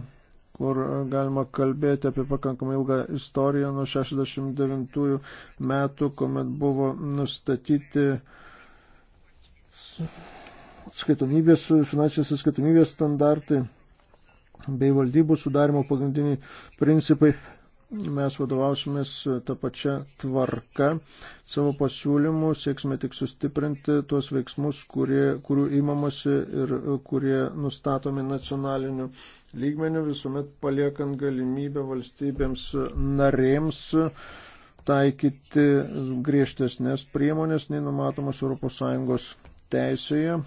kur galima kalbėti apie pakankamai ilgą istoriją nuo 69 metų, kuomet buvo nustatyti skaitomybės, finansinės atskaitomybės standartai bei valdybų sudarimo pagrindiniai principai mes vadovausimės tą pačią tvarką. Savo pasiūlymų sieksime tik sustiprinti tuos veiksmus, kurie, kurių įmamasi ir kurie nustatomi nacionaliniu lygmeniu, visuomet paliekant galimybę valstybėms narėms taikyti griežtesnės priemonės nei numatomos ES teisėje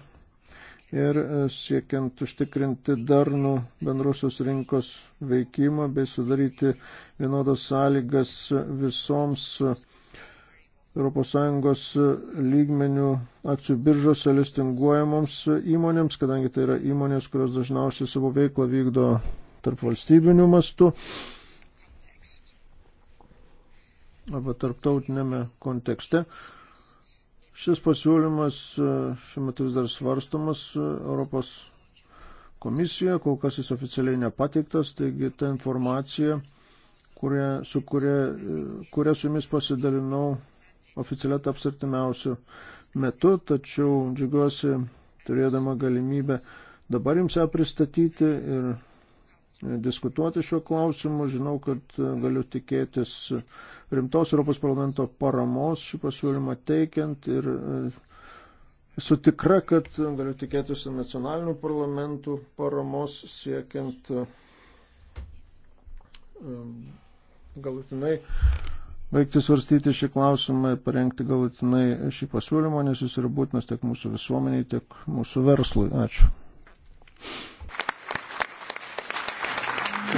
ir e, siekiant užtikrinti darnų bendrusios rinkos veikimą bei sudaryti vienodas sąlygas visoms ES e, lygmenių akcijų biržose listinguojamoms e, įmonėms, kadangi tai yra įmonės, kurios dažniausiai savo veiklą vykdo tarp valstybinių mastų arba tarptautinėme kontekste. Šis pasiūlymas e, šiuo metu vis dar svarstomas e, Europos komisija, kol kas jis oficialiai nepateiktas, taigi ta informacija, kurie, su kuria, e, kuria su jumis pasidalinau, oficialiai taps artimiausių metų, tačiau džiugiuosi turėdama galimybę dabar jums ją pristatyti ir diskutuoti šiuo klausimu. Žinau, kad galiu tikėtis rimtos Europos parlamento paramos šį pasiūlymą teikiant ir e, esu tikra, kad galiu tikėtis nacionalinių parlamentų paramos siekiant e, galutinai baigti svarstyti šį klausimą ir parengti galutinai šį pasiūlymą, nes jis yra būtinas tiek mūsų visuomeniai, tiek mūsų verslui. Ačiū.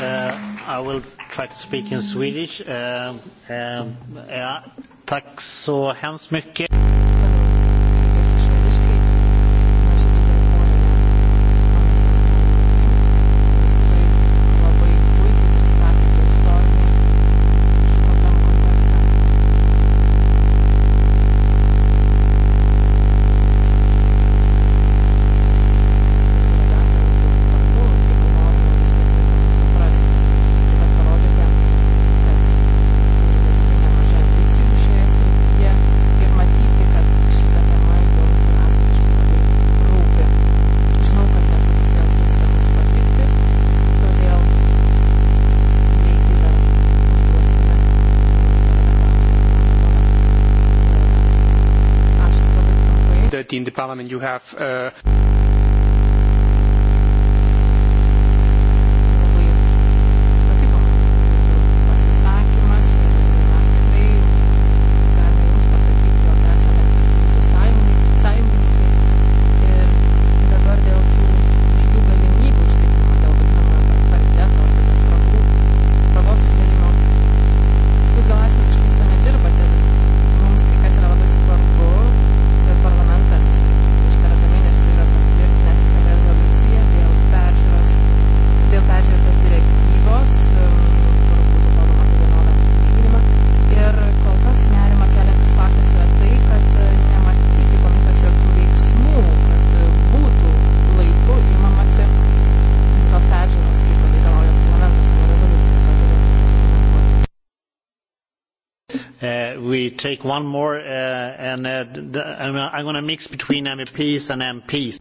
Uh, I will try to speak in Swedish. Uh, uh, ja, tack så hemskt mycket. Parliament you have uh, take one more, uh, and uh, I'm uh, going to mix between MEPs and MPs.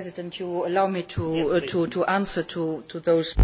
President, you allow me to, yes, uh, to, to answer to, to those.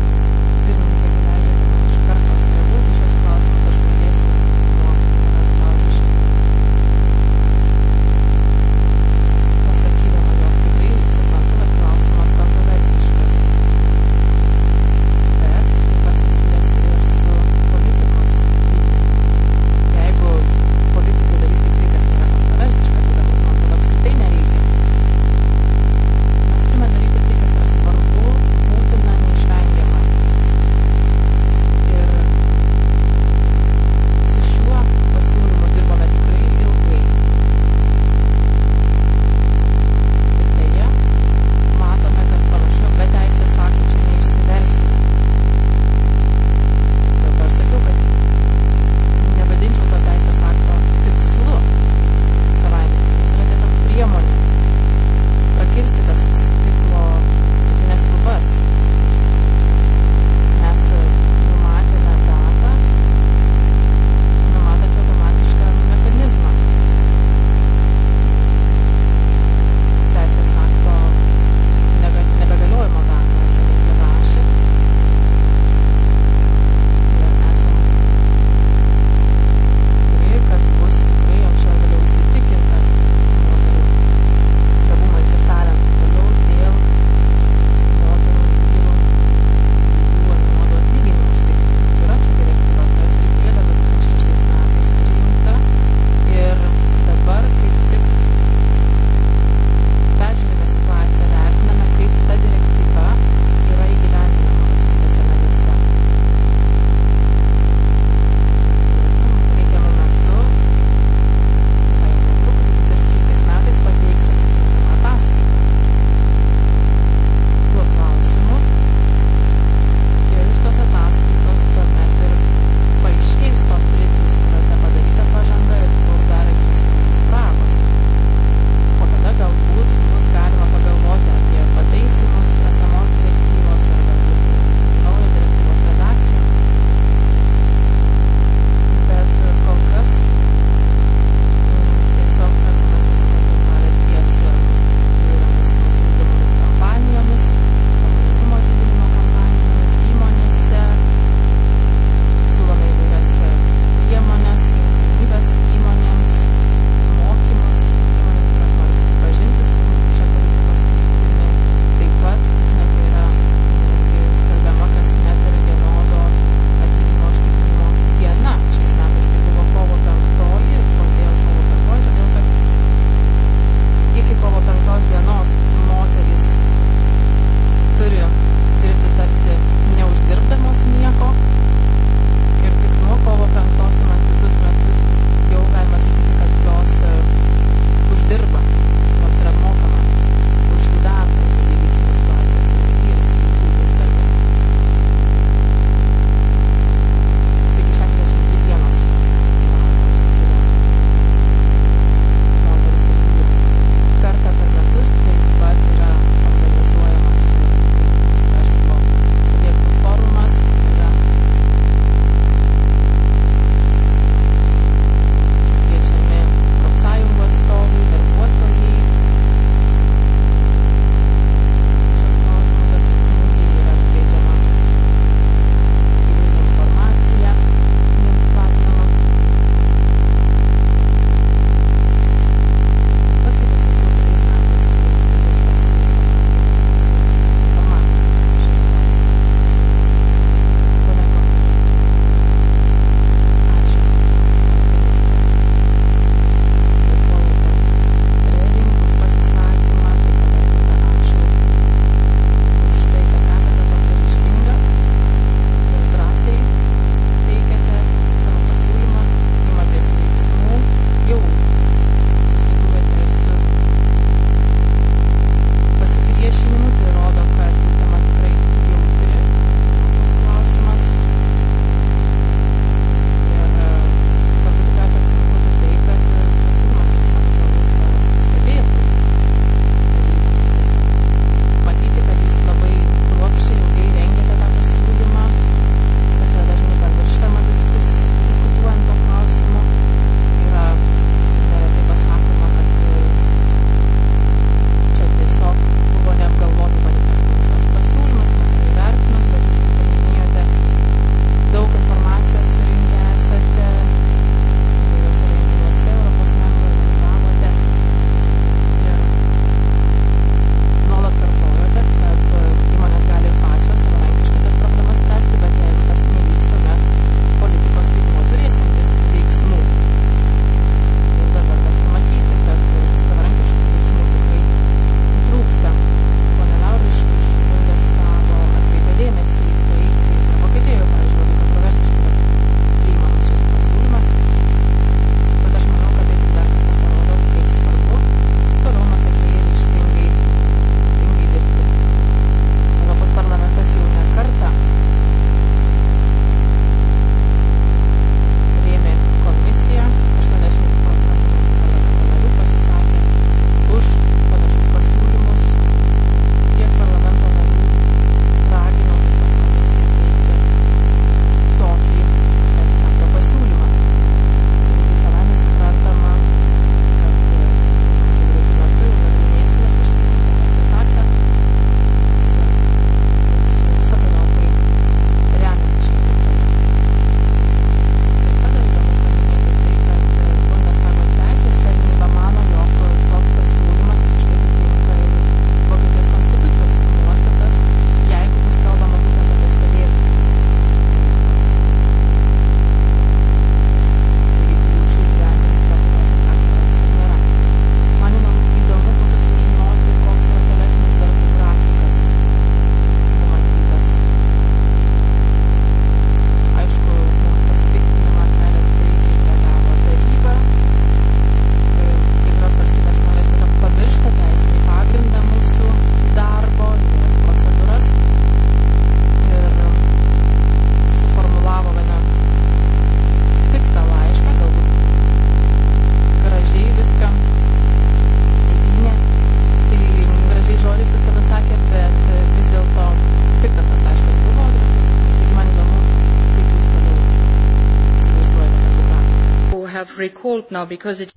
recalled now because it...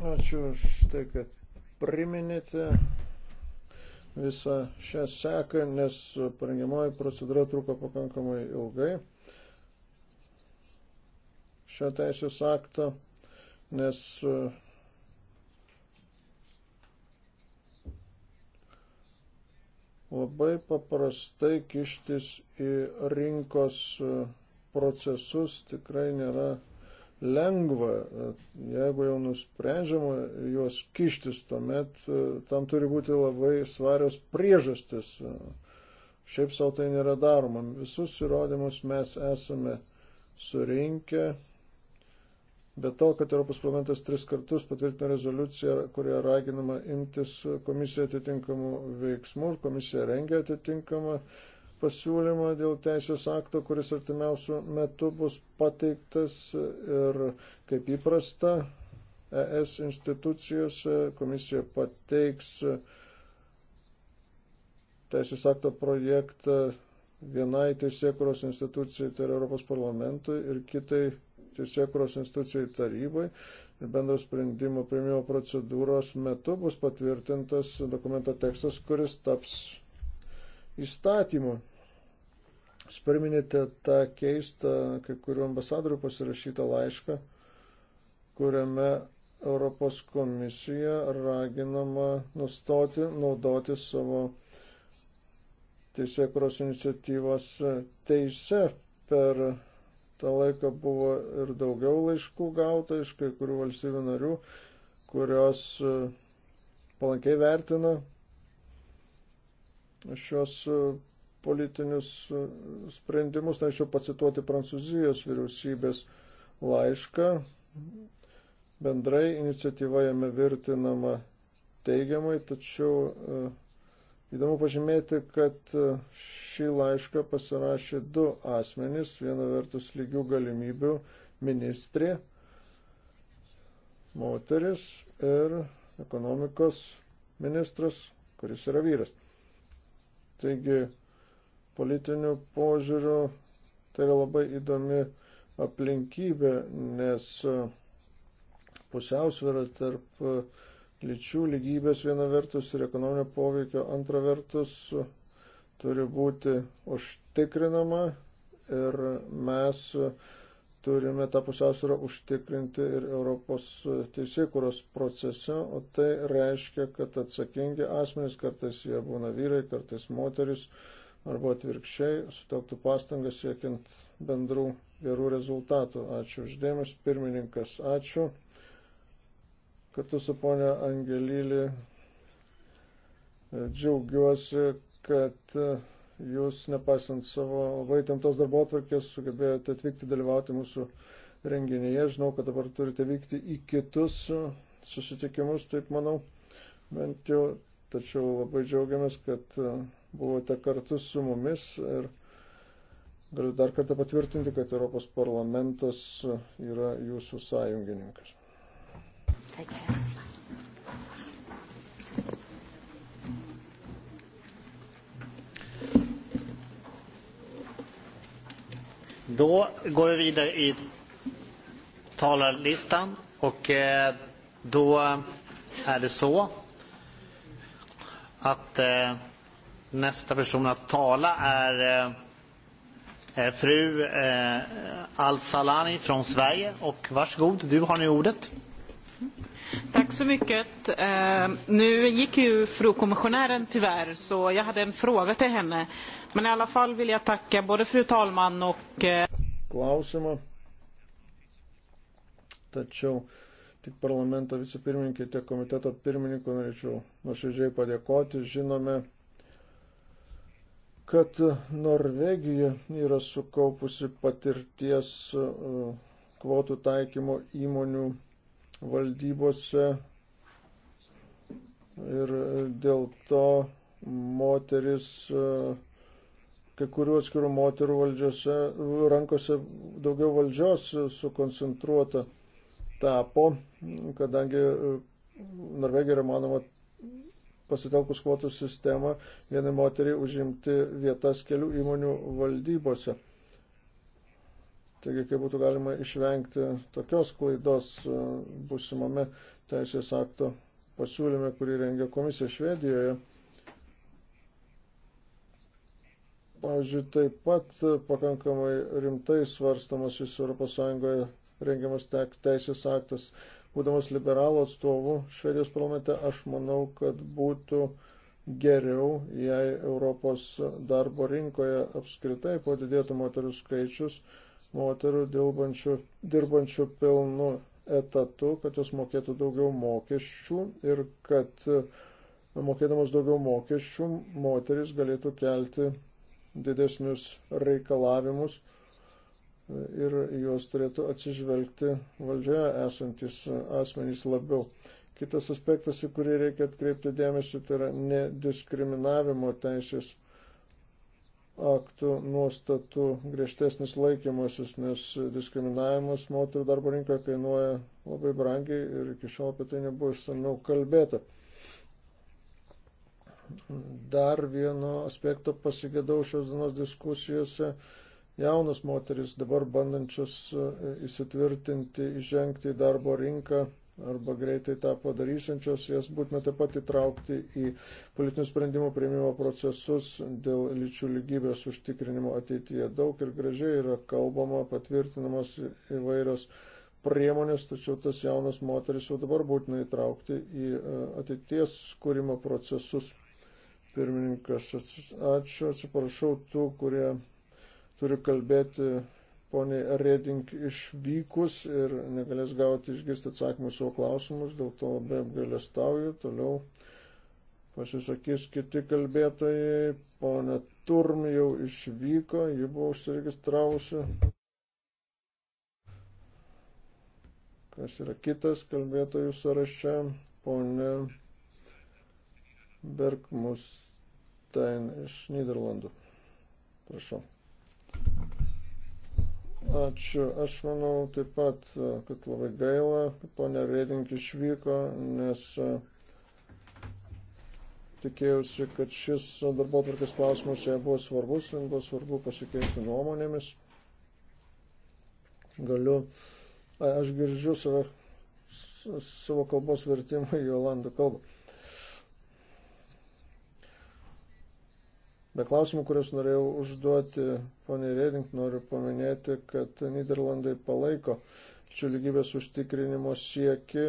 Ačiū už tai, kad priminėte visą šią seką, nes parengiamoji procedūra truko pakankamai ilgai. Šią teisės aktą, nes labai paprastai kištis į rinkos procesus tikrai nėra lengva, jeigu jau nusprendžiama juos kištis, tuomet e, tam turi būti labai svarios priežastis. E, šiaip savo tai nėra daroma. Visus įrodymus mes esame surinkę. Be to, kad Europos parlamentas tris kartus patvirtino rezoliuciją, kurioje raginama imtis komisiją atitinkamų veiksmų ir komisija rengia atitinkamą uh, pasiūlymą dėl teisės akto, kuris artimiausių metų bus pateiktas ir kaip įprasta ES institucijose komisija pateiks teisės akto projektą vienai teisėkuros institucijai, tai yra Europos parlamentui ir kitai teisėkuros institucijai tarybai. Ir bendro sprendimo prieimimo procedūros metu bus patvirtintas dokumento tekstas, kuris taps įstatymu. Jūs priminėte tą keistą kai kurių ambasadorių pasirašytą laišką, kuriame Europos komisija raginama nustoti naudoti savo teisėkuros iniciatyvos teise per tą laiką buvo ir daugiau laiškų gauta iš kai kurių valstybių narių, kurios e, palankiai vertina šios e, politinius e, sprendimus. Norėčiau pacituoti Prancūzijos vyriausybės laišką. Bendrai iniciatyva jame virtinama teigiamai, tačiau e, įdomu pažymėti, kad e, šį laišką pasirašė du asmenys, viena vertus lygių galimybių ministrė, moteris ir ekonomikos ministras, kuris yra vyras. Taigi Politiniu požiūriu tai yra labai įdomi aplinkybė, nes e, pusiausvėra tarp e, lyčių lygybės viena vertus ir ekonominio poveikio antra vertus e, turi būti užtikrinama ir mes turime tą pusiausvyrą užtikrinti ir Europos teisėkuros procese, o tai reiškia, kad atsakingi asmenys, kartais jie būna vyrai, kartais moteris, arba atvirkščiai sutelktų pastangas siekiant bendrų gerų rezultatų. Ačiū uždėmesi, pirmininkas, ačiū. Kartu su ponia Angelylį e, džiaugiuosi, kad e, jūs, nepaisant savo labai temtos darbo atvarkės, sugebėjote atvykti dalyvauti mūsų renginyje. Žinau, kad dabar turite vykti į kitus susitikimus, taip manau, bent jau. Tačiau labai džiaugiamės, kad e, buvote kartu su mumis ir galiu dar kartą patvirtinti, kad Europos parlamentas yra jūsų sąjungininkas. Då går vi vidare i talarlistan och eh, då är det så att eh, Nästa person att tala är eh, fru eh, Al-Salani från Sverige. Och varsågod, du har nu ordet. Tack så mycket. Eh, nu gick ju fru kommissionären tyvärr, så jag hade en fråga till henne. Men i alla fall vill jag tacka både fru talman och... Eh... Klausimą. Tačiau tik parlamento vicepirmininkai, tiek komiteto pirmininkų norėčiau nuoširdžiai padėkoti. Žinome, kad Norvegija yra sukaupusi patirties e, kvotų taikymo įmonių valdybose ir dėl to moteris, e, kai kurių atskirų moterų valdžiose, rankose daugiau valdžios sukoncentruota tapo, kadangi e, Norvegija yra manoma pasitelkus kvotų sistemą vienai moteriai užimti vietas kelių įmonių valdybose. Taigi, kaip būtų galima išvengti tokios klaidos e, būsimame teisės akto pasiūlyme, kurį rengia komisija Švedijoje. Pavyzdžiui, taip pat pakankamai rimtai svarstamas jis ES rengiamas teisės aktas būdamas liberalų atstovų Švedijos parlamente, aš manau, kad būtų geriau, jei Europos darbo rinkoje apskritai padidėtų moterų skaičius, moterų dirbančių, dirbančių pilnu etatu, kad jos mokėtų daugiau mokesčių ir kad mokėdamas daugiau mokesčių moteris galėtų kelti didesnius reikalavimus ir juos turėtų atsižvelgti valdžioje esantis asmenys labiau. Kitas aspektas, į kurį reikia atkreipti dėmesį, tai yra nediskriminavimo teisės aktų nuostatų griežtesnis laikymasis, nes diskriminavimas moterų darbo rinkoje kainuoja labai brangiai ir iki šiol apie tai nebuvo išsamiau kalbėta. Dar vieno aspekto pasigėdau šios dienos diskusijose jaunas moteris dabar bandančius e, įsitvirtinti, įžengti į darbo rinką arba greitai tą padarysiančios, jas būtume taip pat įtraukti į politinių sprendimų prieimimo procesus dėl lyčių lygybės užtikrinimo ateityje. Daug ir gražiai yra kalbama, patvirtinamos įvairios priemonės, tačiau tas jaunas moteris jau dabar būtina įtraukti į e, ateities kūrimo procesus. Pirmininkas, ačiū, atsiprašau tų, kurie turi kalbėti poniai Reding išvykus ir negalės gauti išgirsti atsakymus savo klausimus, dėl to labai apgailestauju. Toliau pasisakys kiti kalbėtojai, ponė Turm jau išvyko, ji buvo užsiregistravusi. Kas yra kitas kalbėtojų sąraše, ponė Bergmustein iš Niderlandų. Prašau. Ačiū. Aš manau taip pat, kad labai gaila, kad ponia Redink išvyko, nes tikėjausi, kad šis darbo tvarkės klausimas jai buvo svarbus, jam buvo svarbu pasikeisti nuomonėmis. Galiu, aš girdžiu savo, savo kalbos vertimą į Olandų kalbą. Be klausimų, kuriuos norėjau užduoti, poniai Reding, noriu paminėti, kad Niderlandai palaiko lyčių lygybės užtikrinimo sieki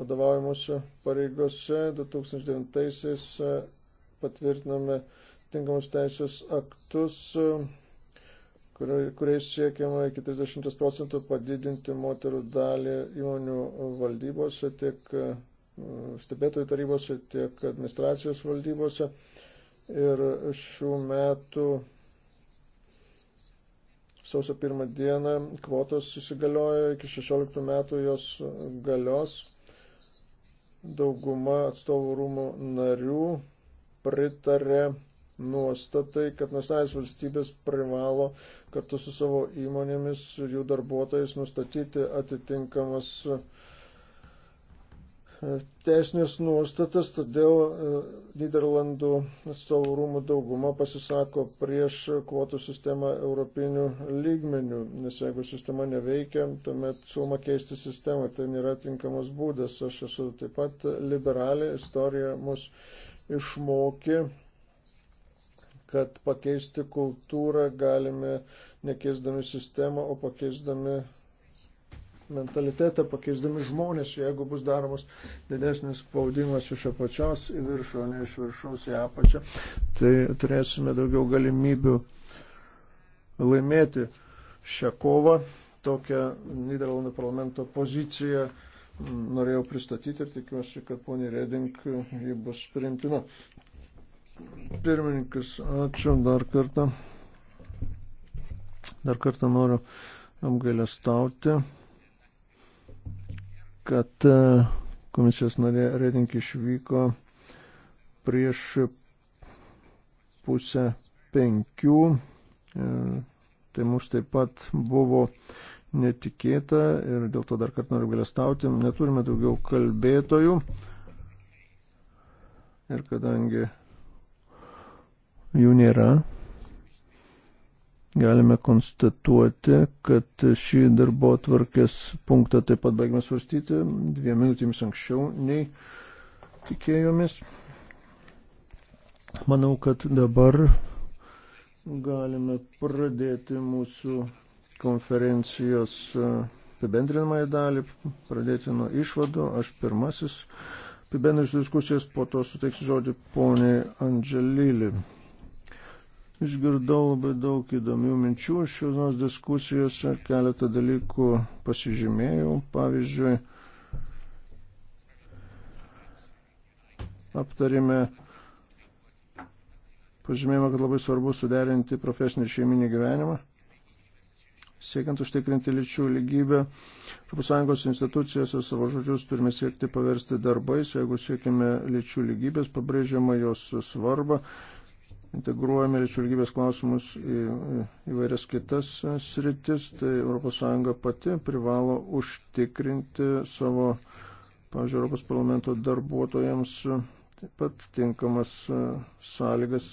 vadovaujimuose pareigose. 2009-aisiais e, patvirtiname tinkamus teisės aktus, e, kuriais siekiama iki 30 procentų padidinti moterų dalį įmonių valdybose, tiek e, stebėtojų tarybose, tiek administracijos valdybose ir šių metų sausio pirmą dieną kvotos susigaliojo, iki 16 metų jos galios. Dauguma atstovų rūmų narių pritarė nuostatai, kad nacionalinės valstybės privalo kartu su savo įmonėmis ir jų darbuotojais nustatyti atitinkamas uh, teisinės nuostatas, todėl e, Niderlandų atstovų rūmų dauguma pasisako prieš kvotų sistemą europinių lygmenių, nes jeigu sistema neveikia, tuomet siūloma keisti sistemą, tai nėra tinkamas būdas. Aš esu taip pat liberalė, istorija mus išmokė kad pakeisti kultūrą galime nekeisdami sistemą, o pakeisdami mentalitetą, pakeisdami žmonės, jeigu bus daromas didesnis spaudimas iš apačios į viršų, o ne iš viršaus į apačią, tai turėsime daugiau galimybių laimėti šią kovą. Tokią Niderlandų parlamento poziciją norėjau pristatyti ir tikiuosi, kad poniai Reding ji bus priimtina. Pirmininkas, ačiū dar kartą. Dar kartą noriu apgailestauti kad e, komisijos narė Redink išvyko prieš pusę penkių. E, tai mums taip pat buvo netikėta ir dėl to dar kartą noriu galėstauti. Neturime daugiau kalbėtojų. Ir kadangi jų nėra, galime konstatuoti, kad šį darbo tvarkės punktą taip pat baigime svarstyti dviem minutėms anksčiau nei tikėjomis. Manau, kad dabar galime pradėti mūsų konferencijos apibendrinamąją dalį, pradėti nuo išvadų. Aš pirmasis apibendrinsiu diskusijas, po to suteiksiu žodį poniai Andželylį. Išgirdau labai daug įdomių minčių šios diskusijose, keletą dalykų pasižymėjau. Pavyzdžiui, aptarėme pažymėjimą, kad labai svarbu suderinti profesinį ir šeiminį gyvenimą. Siekiant užtikrinti lyčių lygybę, ES institucijose savo žodžius turime siekti paversti darbais, jeigu siekime lyčių lygybės, pabrėžiama jos svarbą integruojame lyčių lygybės klausimus į įvairias kitas sritis, tai ES pati privalo užtikrinti savo, pavyzdžiui, Europos parlamento darbuotojams taip pat tinkamas sąlygas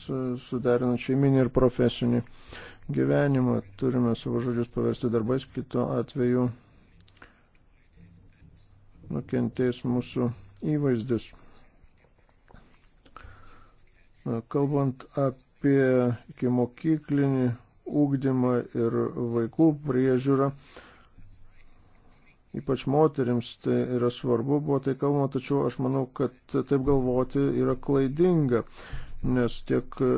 suderinant šeiminį ir profesinį gyvenimą. Turime savo žodžius paversti darbais, kito atveju nukentės mūsų įvaizdis. Kalbant apie iki mokyklinį ūkdymą ir vaikų priežiūrą, ypač moteriams tai yra svarbu, buvo tai kalbama, tačiau aš manau, kad taip galvoti yra klaidinga, nes tiek e,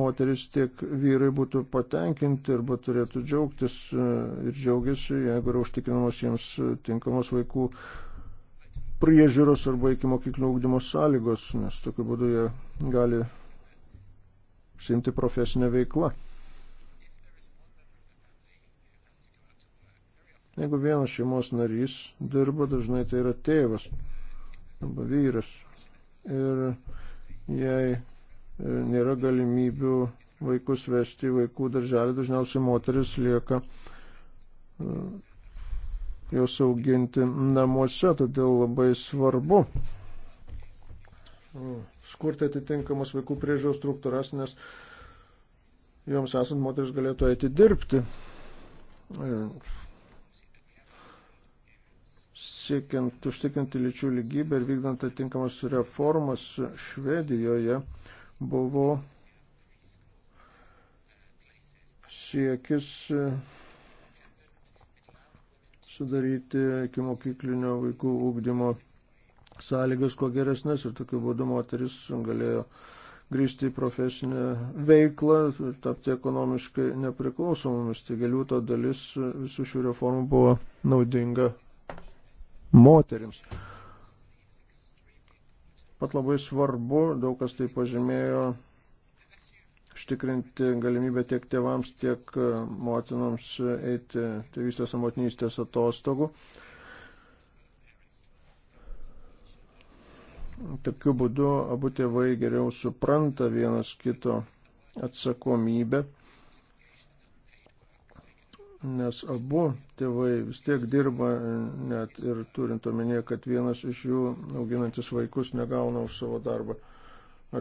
moteris, tiek vyrai būtų patenkinti arba turėtų džiaugtis e, ir džiaugiasi, jeigu yra užtikrinamos jiems tinkamos vaikų priežiūros arba iki mokyklinio ūkdymo sąlygos, nes tokiu būdu jie gali užsimti profesinę veiklą. Jeigu vienas šeimos narys dirba, dažnai tai yra tėvas arba vyras. Ir jei e, nėra galimybių vaikus vesti į vaikų darželį, dažniausiai moteris lieka e, juos auginti namuose, todėl labai svarbu skurti atitinkamas vaikų priežiūros struktūras, nes joms esant moteris galėtų eiti dirbti. E, siekiant užtikrinti lyčių lygybę ir vykdant atitinkamas reformas Švedijoje buvo siekis e, sudaryti iki mokyklinio vaikų ūkdymo sąlygas kuo geresnės ir tokiu būdu moteris galėjo grįžti į profesinę veiklą, tapti ekonomiškai nepriklausomomis. Tai galių to dalis visų šių reformų buvo naudinga moterims. Pat labai svarbu, daug kas tai pažymėjo, ištikrinti galimybę tiek tėvams, tiek motinoms eiti tėvystės amotinystės atostogų. Tai Tokiu būdu abu tėvai geriau supranta vienas kito atsakomybę, nes abu tėvai vis tiek dirba, net ir turint omenyje, kad vienas iš jų auginantis vaikus negauna už savo darbą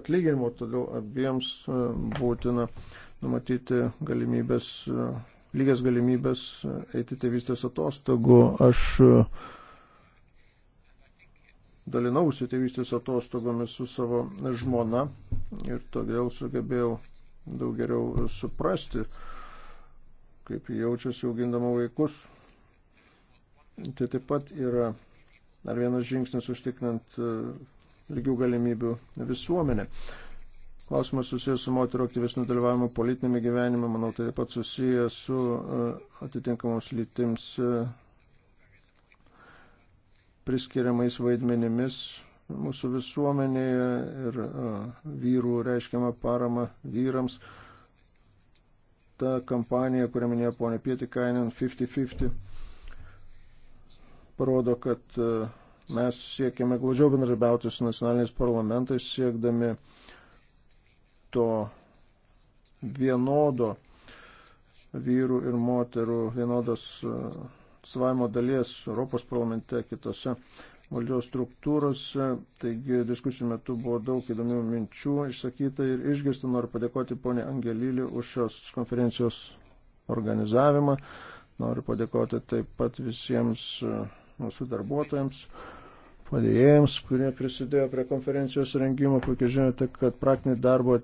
atlyginimo, todėl abiems e, būtina numatyti galimybės, e, lygias galimybės e, eiti tėvystės atostogų. Aš dalinausi tėvystės tai atostogomis su savo žmona ir todėl sugebėjau daug geriau suprasti, kaip jaučiasi augindama vaikus. Tai taip pat yra dar vienas žingsnis užtikrinant e, lygių galimybių visuomenę. Klausimas susijęs su moterų aktyvesnių dalyvavimu politinėme gyvenime, manau, tai taip pat susijęs su e, atitinkamos lytims e, priskiriamais vaidmenimis mūsų visuomenėje ir vyrų reiškiamą paramą vyrams. Ta kampanija, kurią minėjo ponė Pietikainen, 50-50, parodo, kad mes siekiame glaudžiau bendradarbiauti su nacionaliniais parlamentais, siekdami to vienodo vyrų ir moterų vienodos uh, atstovavimo dalies Europos parlamente, kitose valdžios struktūrose. Taigi diskusijų metu buvo daug įdomių minčių išsakyta ir išgirsta. Noriu padėkoti ponė Angelylį už šios konferencijos organizavimą. Noriu padėkoti taip pat visiems e, mūsų darbuotojams, padėjėjams, kurie prisidėjo prie konferencijos rengimo. Puikiai žinote, kad praktinį darbą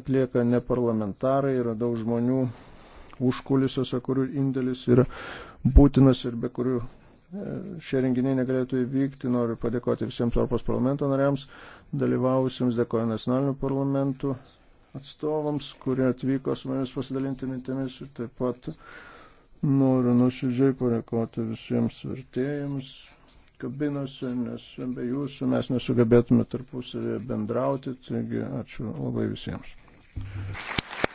atlieka ne parlamentarai, yra daug žmonių užkulisiuose, kurių indėlis yra būtinas ir be kurių e, šie renginiai negalėtų įvykti. Noriu padėkoti visiems Europos parlamento nariams, dalyvavusiems, dėkoju nacionalinių parlamentų atstovams, kurie atvyko su mumis pasidalinti mintimis ir taip pat noriu nuoširdžiai padėkoti visiems vertėjams kabinose, nes be jūsų mes nesugebėtume tarpusavėje bendrauti, taigi ačiū labai visiems. Thank you.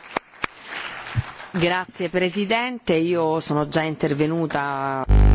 Grazie Presidente, io sono già intervenuta.